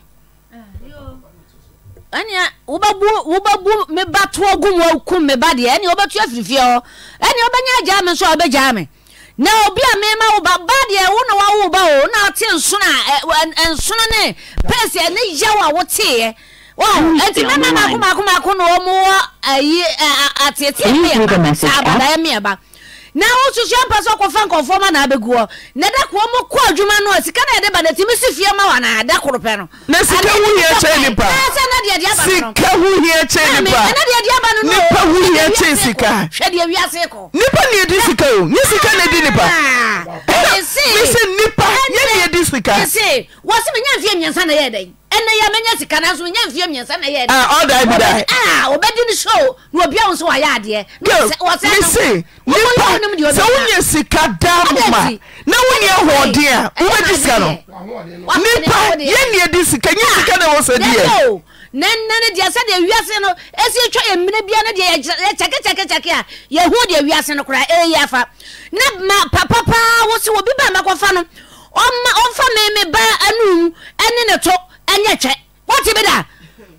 ɛnea wobɛbu wobɛbu me ba toɔ gu mu okum me ba deɛ ɛnea wobɛtu afirifie hɔ ɛnea wobɛnya agyaa me nso a wobɛgyaa me na obi a mema wo ba ba deɛ wo na wa wo ba o na ɔte nsono a nsono ne pɛɛsi ɛne yaw a woteeɛ wɔn ɛti mɛma mako mako mako na wɔn wɔ ayi ateeteɛ mmiɛba saa abadaeɛ mmiɛba. nawɔsusua mpɛ sɛ kɔfa nkɔfoɔ ma nabɛg na dak mkɔ adwuma noa sika na de banatmi fiea ro y ah, ah, sɛwonya sika da homa na wonne h den a wobde sia oyɛne de sia yɛ sika nesɛɛeɛa s afnɔfa meme ba nm ne ne ɛnyɛ kyɛ wɔte bi da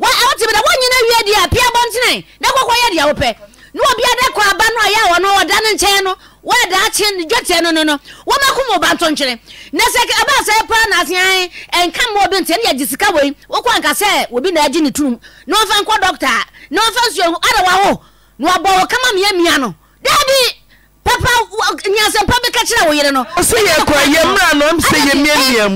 wɔte bi da wɔnyina wie deɛ pia bɔntene na kɔkɔ yɛ deɛ wopɛ na obia dɛ kɔ aba no a yɛ wɔ no wɔda ne nkyɛn no wɔda akye ne dwateɛ no no no wɔmɛko mɔ ba ntontwene na sɛ ɛbaa sɛ paa naasean ɛnka mma obi ntɛ ne yɛgye sika wei wokɔ anka sɛ obi na agye ne turum na wɔmfa nkɔ dɔkta na wɔmfa nsuo ada wawo na wɔbɔ wɔ kama meamia no oh. daabi nampa ah, eh, a kyerɛwoer noɔsɛ yɛ ka yɛ merɛ no sɛ yɛminuam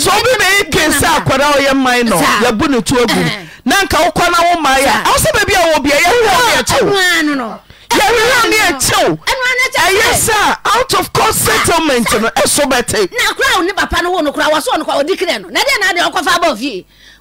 so obɛneɛke sɛ kade oyɛ ma no abo ne tuagu eh, eh. na nka wokan wo ma a wosɛ babi a wɔ bia yɛno ɛkyɛ yɛno ɛkyɛwyɛ sɛ out of cort settlement no ɛso bɛte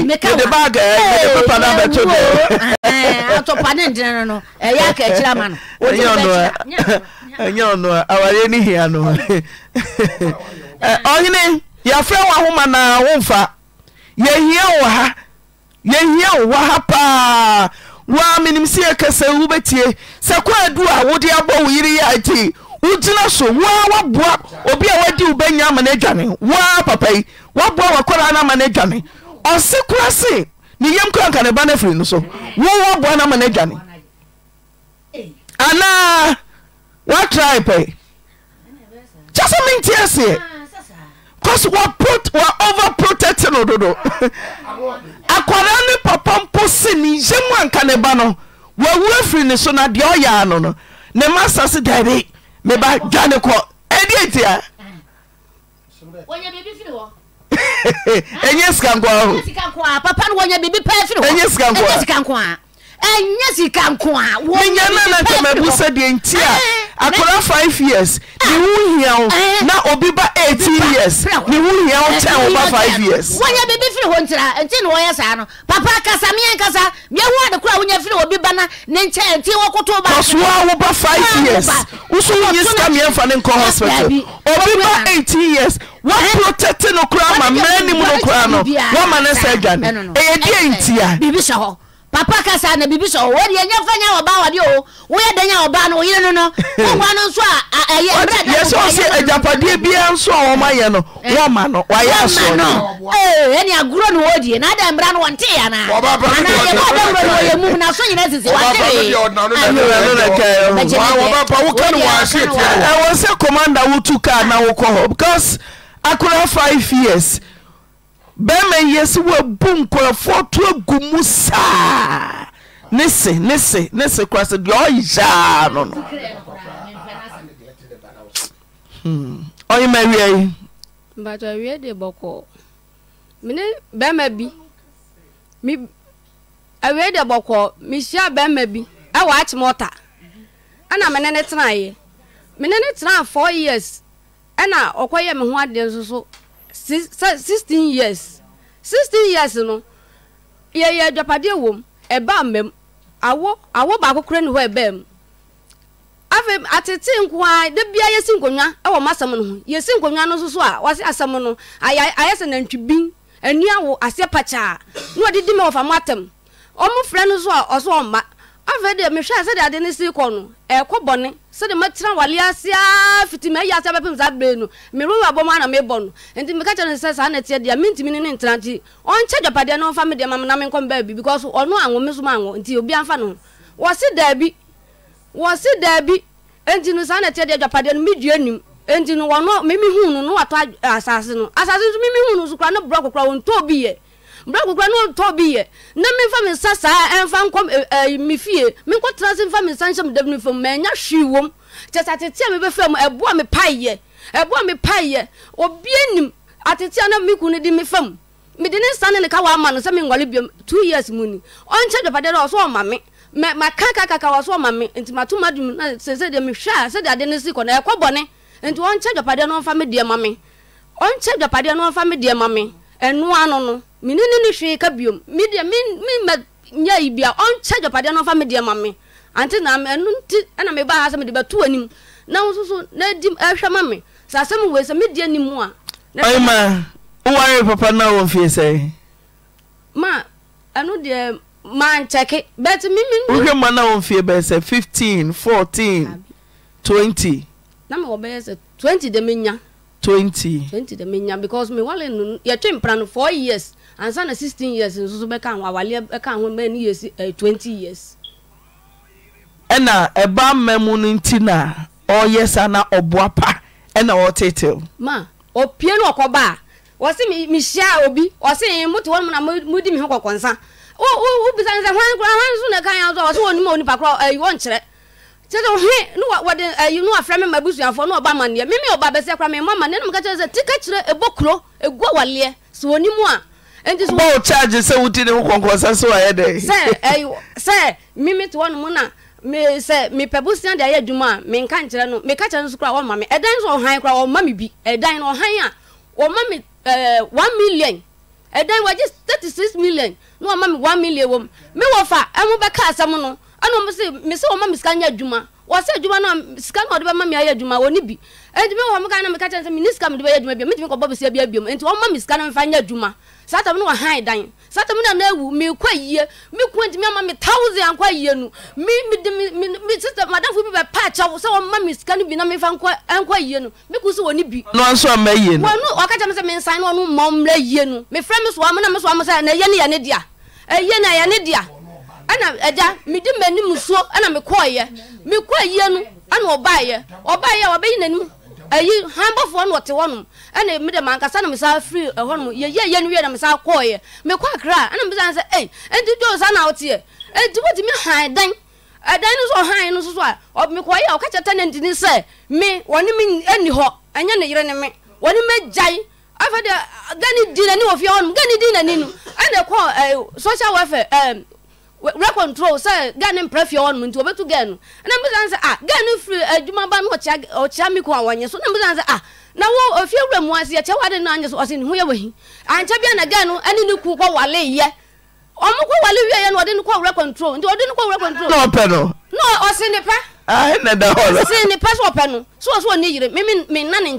nti ah, eh, eh, eh, a a ɔhene wo ahoma na womfa yɛhia wo ha yɛhia wo wɔ ha paa woa menim sɛ yɛkasa wobɛtie sɛ ko adu a wode abɔ wo yere yɛ wogyina so woa woaboa obi a woadi ama no adwane woa papa yi woaboa wakɔraa no ama no adwane ɔse kora se ne yam kora nka ne ba no afiri no so wowɔ boa no ama no adwane anaa woatrae pɛ kyɛ sɛ mente aseɛ cause wa overprotect no dodo akwara ne papa mpo se ne yam anka ne ba no wawu afiri ne so na deɛ ɔyɛa no no ne ma sa se dabi meba dwane kɔ ɛdeɛ ntia wɔnyɛ biribi firi hɔ ɛnyɛ sikankoa hok papa no wanya biribi pafi ɛnyɛ sikankoy sikankoa ɛnyɛ sika nko a menya na na nka mabu sɛ deɛ nti a eh, eh. akora five years ne ho hia wo eh. na obi ba 18 years ne ho hia wo kyɛn wo ba five years wɔnyɛ biribi firi hɔ ntira nti na wɔyɛ saa no papa kasa meɛ nkasa meɛho ade kora wonya firi obi ba na ne nkyɛn nti wɔkoto ba kɔsoa wo ba five years woso wonyi sika meɛmfa ne nkɔ hospital obi ba 18 years waprotɛte no koraa ma mmaa anim no koraa no woama ne sɛ adwane ɛyɛ deɛ ntia biribi hyɛ hɔ papa ka sa na biribi sdnyɛfanya b woyɛ d nya b noy n na n ns yɛ sɛ sɛ adyapadeɛ biaa nso a wɔma yɛ no eh. woma no yɛ asɔ nnɛnnwɔ sɛ commanda woto ka na wo kɔ hɔ because akora 5i years bɛima yɛ sɛ woabu nkurɔfoɔ to agu mu saa ne se ne se ne se kora sɛ deɛ ɔyaa no no ɔyema awiai mpato awie de bɔkɔɔ mene bɛima bi awie de bɔkɔɔ mehyia bɛima bi ɛwɔ akyem ɔta ɛna mene ne tenaeɛ mene ne tenaa four years ɛna ɔkɔyɛ me ho adeɛ nso so sixteen years sixteen years no yɛyɛ adwapadeɛ wom ɛbaa mmɛm awo awo baako kura ne hɔ ɛbɛɛ mu afei atete nko a de bia yɛsi nkonnwa ɛwɔ mo asɛm no ho yɛsi nkonnwa no soso. so a wɔasi asɛm no ayɛ ayɛ sɛ nantwi bin ani awo aseɛ pakyaa na wɔde di mi wɔ fam atam wɔn frɛ no so a ɔso ɔmma afei deɛ mehwɛ sɛdeɛ ade ne si kɔ no ɛɛkɔ bɔne sɛde mɛtena wale ase a fiti ma ayi ase abɛpem saa bere no meru wɔ abɔm ana mebɔ no nti meka kyerɛ no sɛ saa nɛteɛ deɛ mentimi ne ne ntena nti ɔnkyɛ dwapadeɛ no ɔmfa me deɛ ma mena menkɔ mbaabi because ɔno anwome so ma anwo nti obi amfa no ho wɔse daabi wɔse daabi nti no saa nɛteɛ deɛ dwapadeɛ no medua nim nti no wɔno meme hu no no watɔ uh, asase no asase nso meme hu no so kora ne borɔ kokora wɔntɔ obi yɛ bra kokora ne ɔtɔ bi yɛ na memfa me nsa saa ɛmfa nkɔ mi fie menkɔtena se mfa me nsa nhyɛ medam no fam manya hwee wom kyɛ sɛ atete a mebɛfrɛ mu ɛboa me paeyɛ ɛboa me paeyɛ obia nim atete a na meku no de me fam mede ne nsa ne ne ka waama no sɛ menwale biom two years mu ni ɔnkyɛ dwapadeɛ no ɔsɛ ɔma me mɛ makakakaka wɔ so ɔma me nti mato madum na sɛ sɛdeɛ mehwɛ a sɛdeɛ ade no si kɔ no ɛkɔ bɔne nti ɔnkyɛ dwapadeɛ no ɔmfa me deɛ ma me ɔnkyɛ dwapadeɛ no ɔmfa me deɛ ma me ɛnoa no no mene ne no hwee ka biom medeɛ mema nya yi bia ɔnkyɛ dwapadeɛ no ɔmfa medeɛ ma me ante na ɛno nti ɛna meba ha sɛ mede bɛto anim na wo na adi ɛhwɛ eh, ma me sɛ asɛm wei sɛ medeɛ ni mu a ɔyima woware papa na wɔ mfie sɛ ma ɛno deɛ mankyɛke bɛt memewohwɛ ma no wɔ mfie bɛɛ sɛ 15 14 20 na mewɔ bɛyɛ sɛ 20 dɛ menya twenty. twenty de mi nya because mi wale nu yɛtwe mpira no four years ansa na sixteen years nsoso bɛka ho awale bɛka ho mɛ ni years ɛ twenty years. ɛna ɛba mɛmu no nti na ɔyɛ sa na ɔboa pa ɛna ɔtetew. ma opie na ɔkɔba wɔsi mi mi hyia obi wɔsi mo ti wɔn mu na mo di mi ho kɔkɔnsa wo wo wo bisa ne sɛ hwan kura hwan nso na ka yan so wɔsi wɔn nimu onipa kura ɛyi wɔn kyerɛ kyerɛ sɛ ɔhe ne wɔde oh, ayi ne wafrɛ me ma abusuafoɔ ne ɔba amanneɛ meme ɔba bɛsɛ kora mema amanneɛ ne meka kyerɛ sɛ tika e, kyerɛ ɛbɔ ni ɛgua waleɛ sɛ wɔni mu a nti sɛ bɔɔ charge sɛ woti ne wo kɔnkɔsa so ayɛ dɛ sɛ ɛyi sɛ mimi te hɔ no mu na me sɛ mepɛ busua de ayɛ adwuma a menka nkyerɛ no meka kyerɛ no so kora wɔma me ɛdan so ɔhan kora wɔma me bi ɛdan e, no ɔhan a wɔma me eh, ɛɛ one million ɛdan e, wɔgye thirty six million na wɔma me one million wɔ mu me wɔ fa ɛmo bɛka asɛm no ɛna wɔn sɛ mesɛ wɔn ma mi sika nyɛ adwuma wɔsɛ adwuma no sika no ɔde bɛma mi ayɛ adwuma wɔn ni bi ɛnti mi wɔ wɔn kan na mi ka kyerɛ sɛ mi ni sika mi de bɛyɛ adwuma bi mi ti mi kɔ bɔ besia bi abiem ɛnti wɔn ma mi sika no nfa nyɛ adwuma saa tam no wɔ han dan saa tam no na ewu mi kɔ yie mi kɔ nti mi ama mi thousand akɔ yie no mi mi de mi mi mi sisan madamfo bi bɛ pa akyɛw sɛ wɔn ma mi sika no bi na mi fa nkɔ ɛnkɔ yie no mi kò so wɔn ni bi. n'o nso ɔmɛ yie no. wɔn no wɔka mi sɛ mi nsan no ɔno mɔ mmerɛ yie no mi fira mi so wɔn na mi so wɔn sɛ ɛyɛ ne yɛ ne dia ɛyɛ ne yɛ ne dia ɛna ɛgya midi m'anim nsuo ɛna mekɔɔyɛ mekɔɔyɛ no ɛna ɔbaayɛ ɔbaayɛ a wɔbɛyi n'anim ayi hanbɔfoɔ no ɔte hɔnom ɛna mede mankasa na mesa firi ɛhɔnom yɛyɛ yɛ no wie na mesa kɔɔyɛ mekɔ akra ɛna mesa sɛ ei ɛnti dwoo saa na woteɛ ɛnti wotumi han dan ɛdan no so ɔhan no so so a mekɔɔyɛ a ɔka kyɛ tɛnɛnti ni sɛ me wɔne me ɛni hɔ ɛnyɛ ne yere ne me wɔne mɛgyae afɛ deɛ gani di n'ani wɔ fie hɔnom gani di n'ani no ɛna ɛkɔ social welfare recontrol sɛ gaa ne mpra fie hɔ nom nti wɔbɛtu gaa no na mbisa sɛ ah gaa no firi adwuma eh, ba no ɔkyea ɔkyea mi ko a wɔnyɛ so na mbisa sɛ ah na wo ofie eh, wura mu ase ɛkyɛ wade no anyɛ so ɔse ne ho yɛ wahi ankyɛ bia na gaa no ɛne ne ku kɔ wale yɛ ɔmo kɔ wale wie yɛ no ɔde no kɔ wura control nti ɔde no kɔ wura control. na ɔpɛ no. Ah, na ɔse ne pɛ. ahe na da hɔ no. ɔse ne pɛ so ɔpɛ no so ɔso ni yire mi mi na ne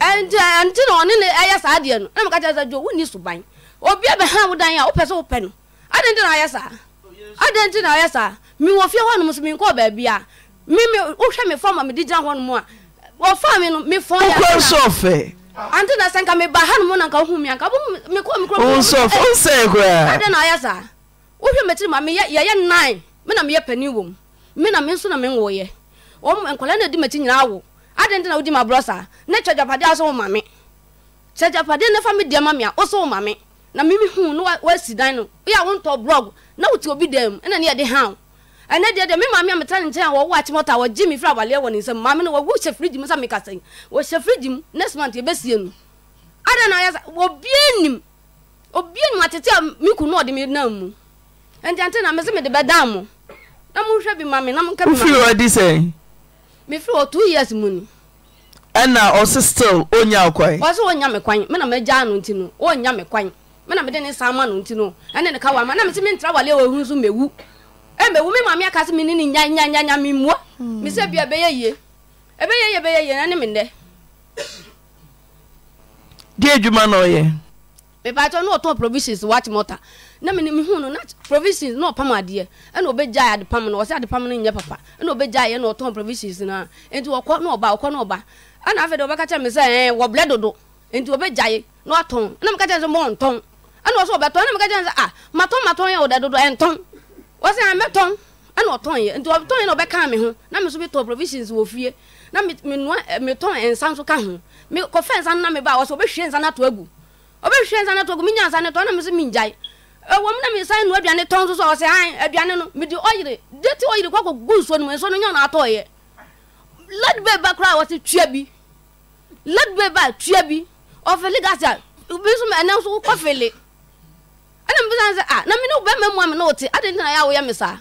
nti na ɔne ne ɛyɛ saa deɛ no na meka kyerɛ sɛ dwo wonni suban obia bɛha wo dan a wopɛ sɛ wopɛ no adɛn nti na ɔyɛ saa adɛn na ɔyɛ saa mewɔ fie hɔ nom so menkɔɔ baabi a meme wohwɛ me fam a mede gyina hɔ nom a wɔfa me no mefɔnsɔfɛ ante na sɛ nka meba ha nom na nka wohu anka na ɔyɛ saa wohwɛ yɛyɛ nan meyɛ pani wɔ m me me nso na menwoyɛ nkɔla na di nyinaa wo adan na wodi ma brɔ saa ne kyɛ japadeɛ a so wo ma me kyɛ japadeɛ ne fa me deɛ ma me a wo so wo ma me na mimi hu no wasi dan no woyɛ a wontɔ blɔg na wote obi dan mu ɛna ne de haw ɛnɛ deɛ deɛ me maame a meta ne nkyɛn a wɔwo akyemɔ ta wɔgye me firi abaleɛ wɔ ne nsam maame no wɔwo hyɛ firigi mu sɛ mekasa yi wɔhyɛ firigi mu next month yɛbɛsie no adan na ayɛ sa obia nim obia nim atete a me kunu ɔde me nam mu ɛnti ante na me se mede bɛdan na monhwɛ bi ma mefiri wɔ two years mu ni. ɛna ɔsi still onya kwan. ɔsi onya mi kwan mena mi gya ano ti no onya mi kwan mena mi de ne san ma no ti no ɛne ne ka wa ma na mi si mi ntra wale ohun so mewu ɛmɛwu mi maame akasi mi ni ni nya nya nya nya mi mua mi hmm. sɛ bia ɛbɛyɛ yie ɛbɛyɛ yie ɛbɛyɛ yie ɛne mi nnɛ. di edwuma na ɔyɛ. mipatɔ ne ɔtɔn provisions watch motor. na mi mi hun no na provisions na ɔpam adeɛ ɛna ɔbɛgya ade pam no ɔsɛ ade no nyɛ papa ɛna ɔbɛgya yɛ na ɔtɔn provisions na nti ɔkɔ na ɔba ɔkɔ na ɔba ɛna afɛ de ɔbɛka kyɛ mi sɛ ɛɛ wɔblɛ dodo nti ɔbɛgya yɛ na ɔtɔn ɛna mi ka kyɛ sɛ mɔ ntɔn ɛna ɔsɛ ɔbɛtɔn ɛna mi ka sɛ ah matɔn matɔn yɛ ɔda dodo ɛntɔn ɔsɛ ɛmɛtɔn ah, ɛna ɔtɔn yɛ nti ɔtɔn yɛ na ɔbɛka mi ho na mi nso bi tɔ provisions wɔ fie na mi mi nua eh, mi tɔn nsa nso ka ho mi kɔfɛ nsa no na mi ba ɔsɛ ɔbɛhwie nsa na to agu ɔbɛhwie nsa na agu mi nya nsa na ɛna mi nso mi ngya ɛwɔ mu na mi san nu aduane tɔn soso ɔsɛ han aduane no mi di ɔyiri de ti ɔyiri kɔkɔ gu nsuo no mu nsuo no nyɛ na atɔ yɛ ladibɛ ba koraa wɔsi tua bi ladibɛ ba tua bi ɔfɛli gasa bi so ɛnɛ nso kɔfɛli ɛna mi san sɛ a ah, na mi ni bɛrɛ mi na o ti adi ntina ya oyɛ mi saa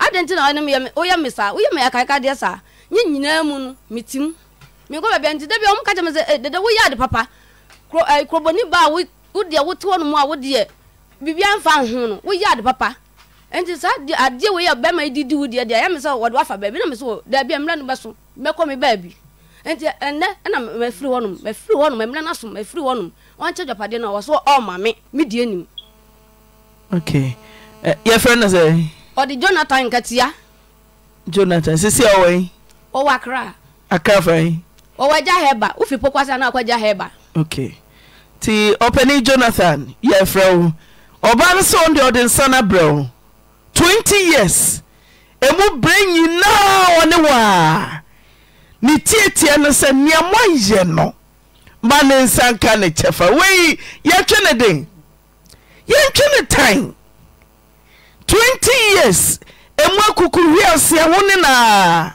adi ntina ɔyɛ mi oyɛ mi saa oyɛ mi ɛkaka deɛ saa nye nyinaa mu no mi ti mu mi kɔ bɛbɛn ti dɛbi ɔmu kakyɛ mi sɛ ɛ eh, dɛdɛ woyɛ adi papa kuro ɛ eh, kurobɔni ba wo deɛ wote hɔ a wo deɛ biribi amfa ho no woyɛ ade papa nti saa adeɛ wei a bɛrima yi didi wo deɛ deɛ ɛyɛ mi sɛ wɔde wafa baabi na mi sɛ wɔ daabi a mmerɛ no bɛso mɛkɔ mi baabi nti ɛnɛ ɛna mɛfiri hɔnom mɛfiri hɔnom mmerɛ no asom mɛfiri hɔnom ɔnkyɛ dwapadeɛ no a wɔsɔ ɔma me mi die nim. okay ɛ yɛfrɛ no sɛ. ɔde jonathan nkatia. jonathan sisi ɔwɔ yi. ɔwɔ akra. akra fa yi. ɔwɔ agya hɛba ofi pokwasa na akɔ agya hɛba. okay ti ɔpɛni jonathan yɛfrɛ o. ɔbea no sɛ wɔn deɛ ɔde nsa no abrɛ wo 20 years ɛmu berɛ nyinaa ɔne ne a ne tietie no sɛ nea moayɛ no ma ne nsa nka ne kyɛfa wei yɛtwe ne den yɛntwe ne tan 20 years ɛmu akukuhwiase ho ne naa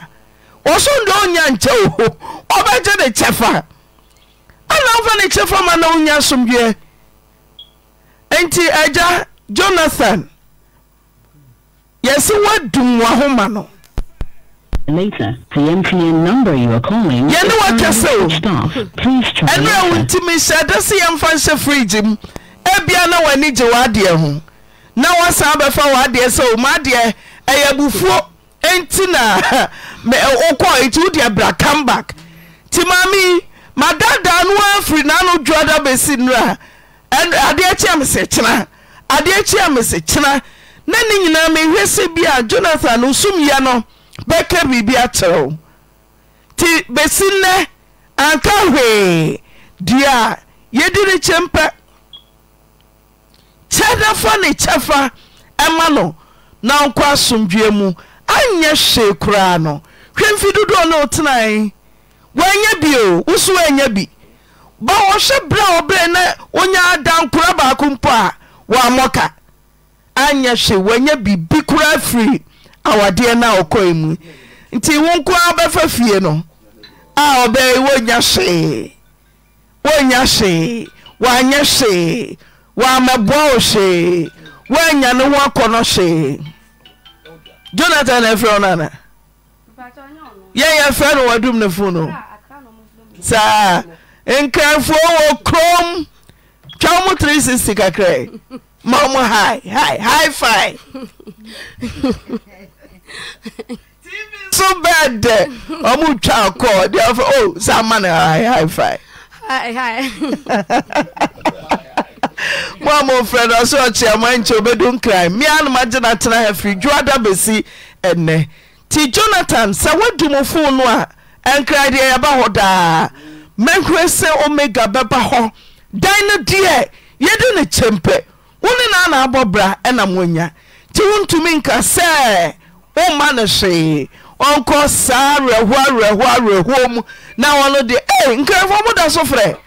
wɔsonde ndị nkyɛ wo ho ɔbɛgye ne kyɛfa ana wofa ne kyɛfa ma na wonya asomdwoɛ nti agya jonathan yɛse wadum w'ahoma no Later, the MTN number you are calling. Yeah, no, I can say. Please try. And now, when Timmy said, "That's the unfancy freedom." Ebia na wani gye wadeɛ ho. Na wasa abɛfa wadeɛ sɛ o madeɛ ɛyɛ abufuo enti na mɛ okɔ eti wodi abira come back. Ti maami madada no afiri n'ano dwada besi ade kyi a me se kyena ade kyi a me se kyena ne ne nyinaa me hwɛ sɛ bi a jonathan nsomya no bɛka biribi akyerɛ w nti bɛsi nnɛ anka hwee duɛ a yedi no kyi m pɛ kyɛdɛfɔ ne kyɛfa ɛma no na nkɔ asomdwua mu ayɛ hyee koraa no hwɛ mfi dodoɔɔ ne otenai woanya bi o wnso woanya bi ba wɔhwɛ berɛ a ɔberɛ na wonya adankura baako mpọ a wɔammɔ ka anyɛ hwe wanya biribi koraa firi awadeɛ no a ɔkɔe mu nti wo nkoa bɛfa fie no a ɔbɛyi wonya hwee wonya hwee wanyɛ hwee wɔamɛboa wo hwee woanya ne ho akɔ no hwee jonathan ɛfrɛ na. ana yɛyɛ frɛ no wadum ne fo no saa nkrafoɔ wɔ krom twa mo 360 kakra ma mo haị fi so bɛɛ dɛ ɔmo twa akɔ deɛ ɔfɛ o oh, saa ma no high fi mo a mo frɛ no ɔsɛ ɔkyeɛ mo ankyɛ obɛdu nkran mmea no magye no bɛsi ɛnɛ jonathan sɛ mo a deɛ yɛba daa mɛnhwerɛ sɛ omega bɛba hɔ dan no deɛ yɛde ne kyɛmpɛ wo na naanaabɔ bra ɛnam woanya nti wontumi nka sɛ womma no hwee saa awerɛho awerɛho awerɛho mu na wɔno deɛ nkrɛfoɔ moda so frɛ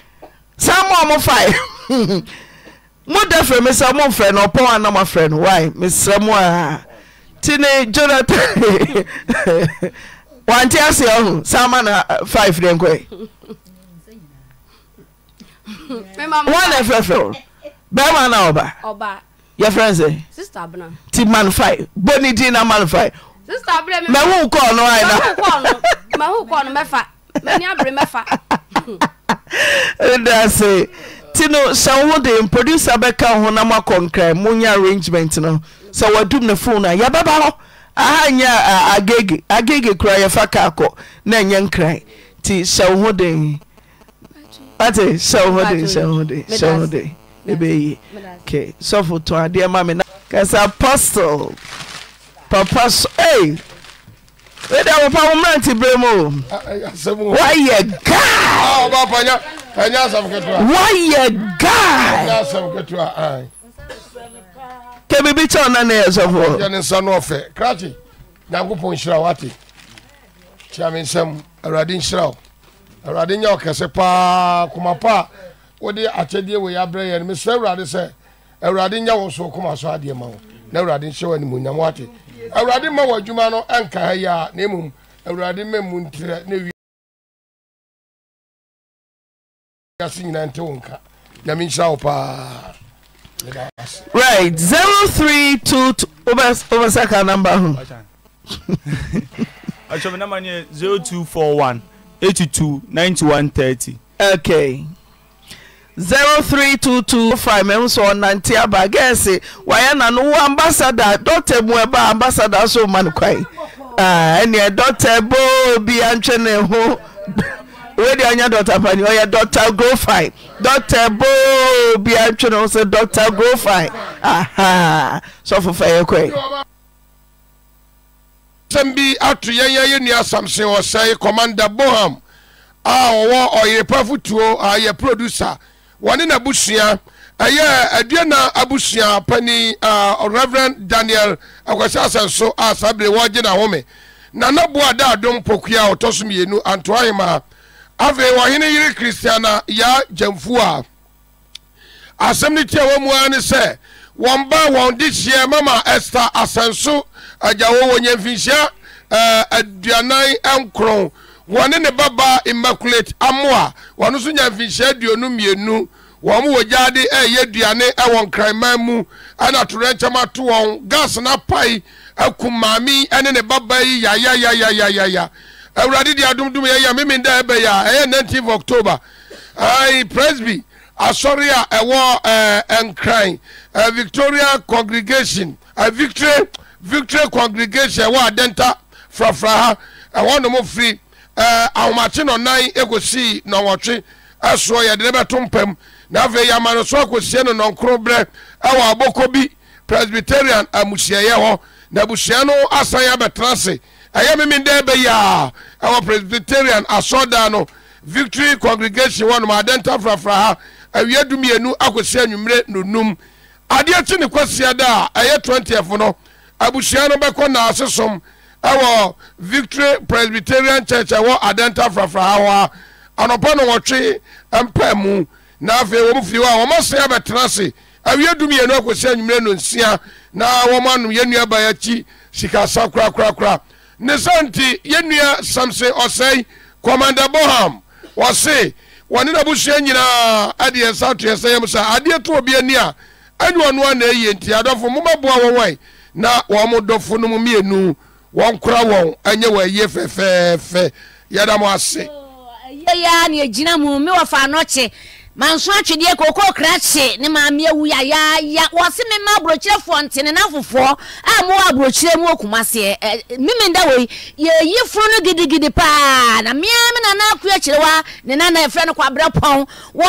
saa ma mo fae moda mụ me sɛ momfrɛ no ɔpɔn ana mafrɛ no wy mesrɛ mo a nti jonathan wante aseɛ ɔho saa ma no 5 eh, denkɔ wọn eh, eh, eh. na fẹfẹ o bẹẹma na ọba yẹ fẹ nsẹ ti manufai bọni di na manufai mẹhu kọ ọnu ayi na mẹhu kọ ọnu mẹfa mẹni abiri mẹfa. ndase tino Tinu wo de producer ka ho na moakɔ nkra nye arrangement no sɛ wadum na phone a yɛbɛba hɔ aha nyɛ agege agege kora yɛfa kaakɔ na ɛnyɛ nkran nti hyɛ wo ho den ate hyɛ wo ho den hyɛ wo ho den hyɛ wo ho den ɛbɛyi ke sɔfo tɔn adeɛ ma me na kasa apostle papa so ei wede wopa wo mmerante berɛ mu woayɛ guy ah, woayɛ guy kɛ biribi kyɛ ɔna ne yɛ sɔfoɔ nyankopɔn nhyira wo ate kyea me nsɛm awurade nhyira wo awurade nyɛ ɔkɛse paa koma pa a wode akyɛdeɛ wei abrɛ yɛ no mesrɛ awurade sɛ awurade nyɛ wo so koma so adeɛ ma wo na awurade nhyɛ wo animonyam wate awurade ma wɔ adwuma no ɛnka ha yi na mmom awurade ma mu ntirɛ na wi ase nyinaa nte wo nka nyame nhyira wo paa right zero three two two obasaka number ho. ọ̀ṣọ́mi náà máa ń zero two four one eighty two ninety one thirty. okay zero three two two five mẹ́rin sọ ọ̀nàntí àbá gẹ̀ẹ́sì wàyẹ̀ nànú wọ ambassador dọ́tẹ̀ mu ẹ̀ bá ambassador so ma nìkọ́ yìí ẹni ẹ̀ dọ́tẹ̀ bóò bí àǹtí ni ho wéde ọ̀nyá dọ́tà pani ọ̀yẹ́ dọ́tà grofine dọ́tà bóò bí àǹtí ni ho sẹ́ dọ́tà grofine sọ fúnfẹ́ yẹ kọ́ yìí asɛm bi ato yɛn yɛyɛ nua samson ɔsɛe commander boham a ɔwɔ ɔyerepa fotuo a yɛ producer wɔne n'abusua ɛyɛ aduana abusua panin a reverend daniel akwasi asɛnso a sábìrì wɔgye n'ahome na boa daadom pokua a ɔtɔ so mmienu antoahima afei wɔhene yiri kristiana ya gyamfu a asɛm no tia wɔn mu ara ne sɛ wɔn ba wɔn de hyia mama esther asɛnso agyawo wɔnyɛ mfinhyia aduanan eh, nkron wɔne ne baba immaculate amoa wɔno nso nya mfinhyia aduonu mmienu wɔn wɔ gyaade ɛyɛ eh, aduane ɛwɔ eh, nkranman mu ɛna torɛnkyɛm ato wɔn gas na pae ɛku maame ɛne ne baba yi yayayayayaya awurade deɛ adomdom yɛyɛ mimi da ɛbɛyɛ a ɛyɛ nineteen of october ɛɛ presby asɔre a ɛwɔ ɛɛ nkran victoria congregation ɛɛ victory victory congregation ɛwɔ adenta frafra ha ɛwɔ nom firi ɛɛ ahomakye nɔnan ekosii nɔwɔtwe ɛsoɔ yɛde ne bɛto mpam na afei yɛama no so akosie no nɔnkoro berɛ ɛwɔ aboko bi presbyterian amusiayɛ hɔ na abusua no asan abɛtena ase ɛyɛ mimi dɛ bɛyɛ a ɛwɔ presbyterian asɔda no victory congregation wɔ nom adenta frafra ha awia dumienu akosie anwummerɛ nonum adeɛ kyi ne kwasia a ɛyɛ 20f no abusua no bɛkɔ naase som ɛwɔ victory presbyterian church ɛwɔ adanta frafra ha hɔ a anɔpa no wɔtwe mpɛ mu na afei wɔn fi hɔ a wɔn asen abɛtena ase awie dumienu akɔsi anwummerɛ no nsia na wɔn ano yɛn nua ba akyi sikasa korakorakora ne sɛ nti yɛn nua samson ɔsɛe kɔmanda boham wɔse wɔne n'abusua nyinaa adeɛ nsa to yɛ sɛ yɛm sɛ adeɛ to obi ani a ɛne ɔno na eyi nti adɔfo mo mɛboa wɔn wɔn na wɔn dɔfo no mu mmienu wɔn kora wɔn ɛnyɛ wɔn ayie fɛfɛɛfɛ yɛda mo ase. Oh, ɛyɛ ya ni egyina mu mi wɔ fa anɔkye mansoa twedeɛ kokokrakye ne ma mewu yay sememabrkyrɛ fɔ ntenenafofɔ mbrkyrɛ mi frno gidigidi paakakyirɛnenfɛnokrpɔ n ow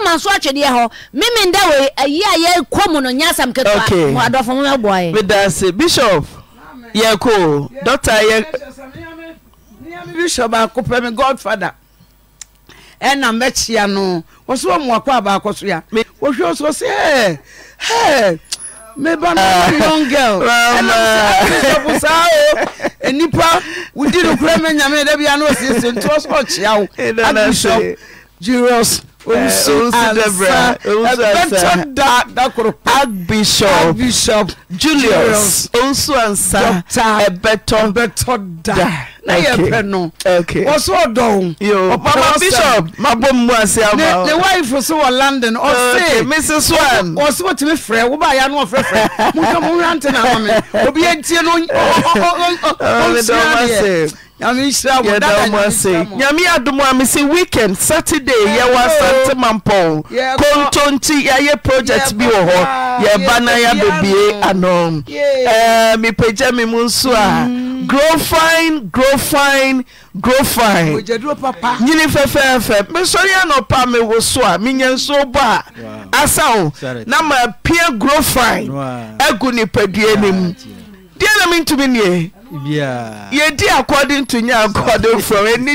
ymanso twedeɛ h memnykmun ss bisp y d bisop akɔpɛme godfata ɛna mɛkyia no wɔso wɔ mmoakɔ a baakɔ so ya wɔhwɛ so sɛ ɛ ɛ meba na young girl ɛnamsɛbusɔbo saa o e nipa wudi no kora ma nyame da bia na ɔsiesie nti ɔsɛ ɔkyea wo abishop eh, julius owusu ansa ɛbɛtɔ da dakoro pa agbishop agbishop julius owusu ansa ɛbɛtɔ ɛbɛtɔ da na yɛ pɛ no wɔso ɔdɔ wo ɔpama bishop mabɔ mu ase ama ne wife so wɔ london ɔse mrs swan ɔse wɔtumi frɛ wobaayɛ no ɔfrɛfrɛ mohwɛ mohwante na ama me obi antie no oh, ɔnsuadeɛ nyame adom a mese weekend saturday yɛwɔ asante mampɔn konto nti yɛayɛ project bi wɔ hɔ yɛba na yɛabɛbie anom eh, mepagya me mu nso a mm grow fine grow fine grow fine. òjèdúró papa. nyini fẹ́fẹ́fẹ́ mesọ́rí ànọ́pá mi wò so a mi yẹn nso bọ́ a asan na ma pie grow fine egu nipadua ni mu deɛ na mi ntumi nie. yɛdi according to nya according from ɛni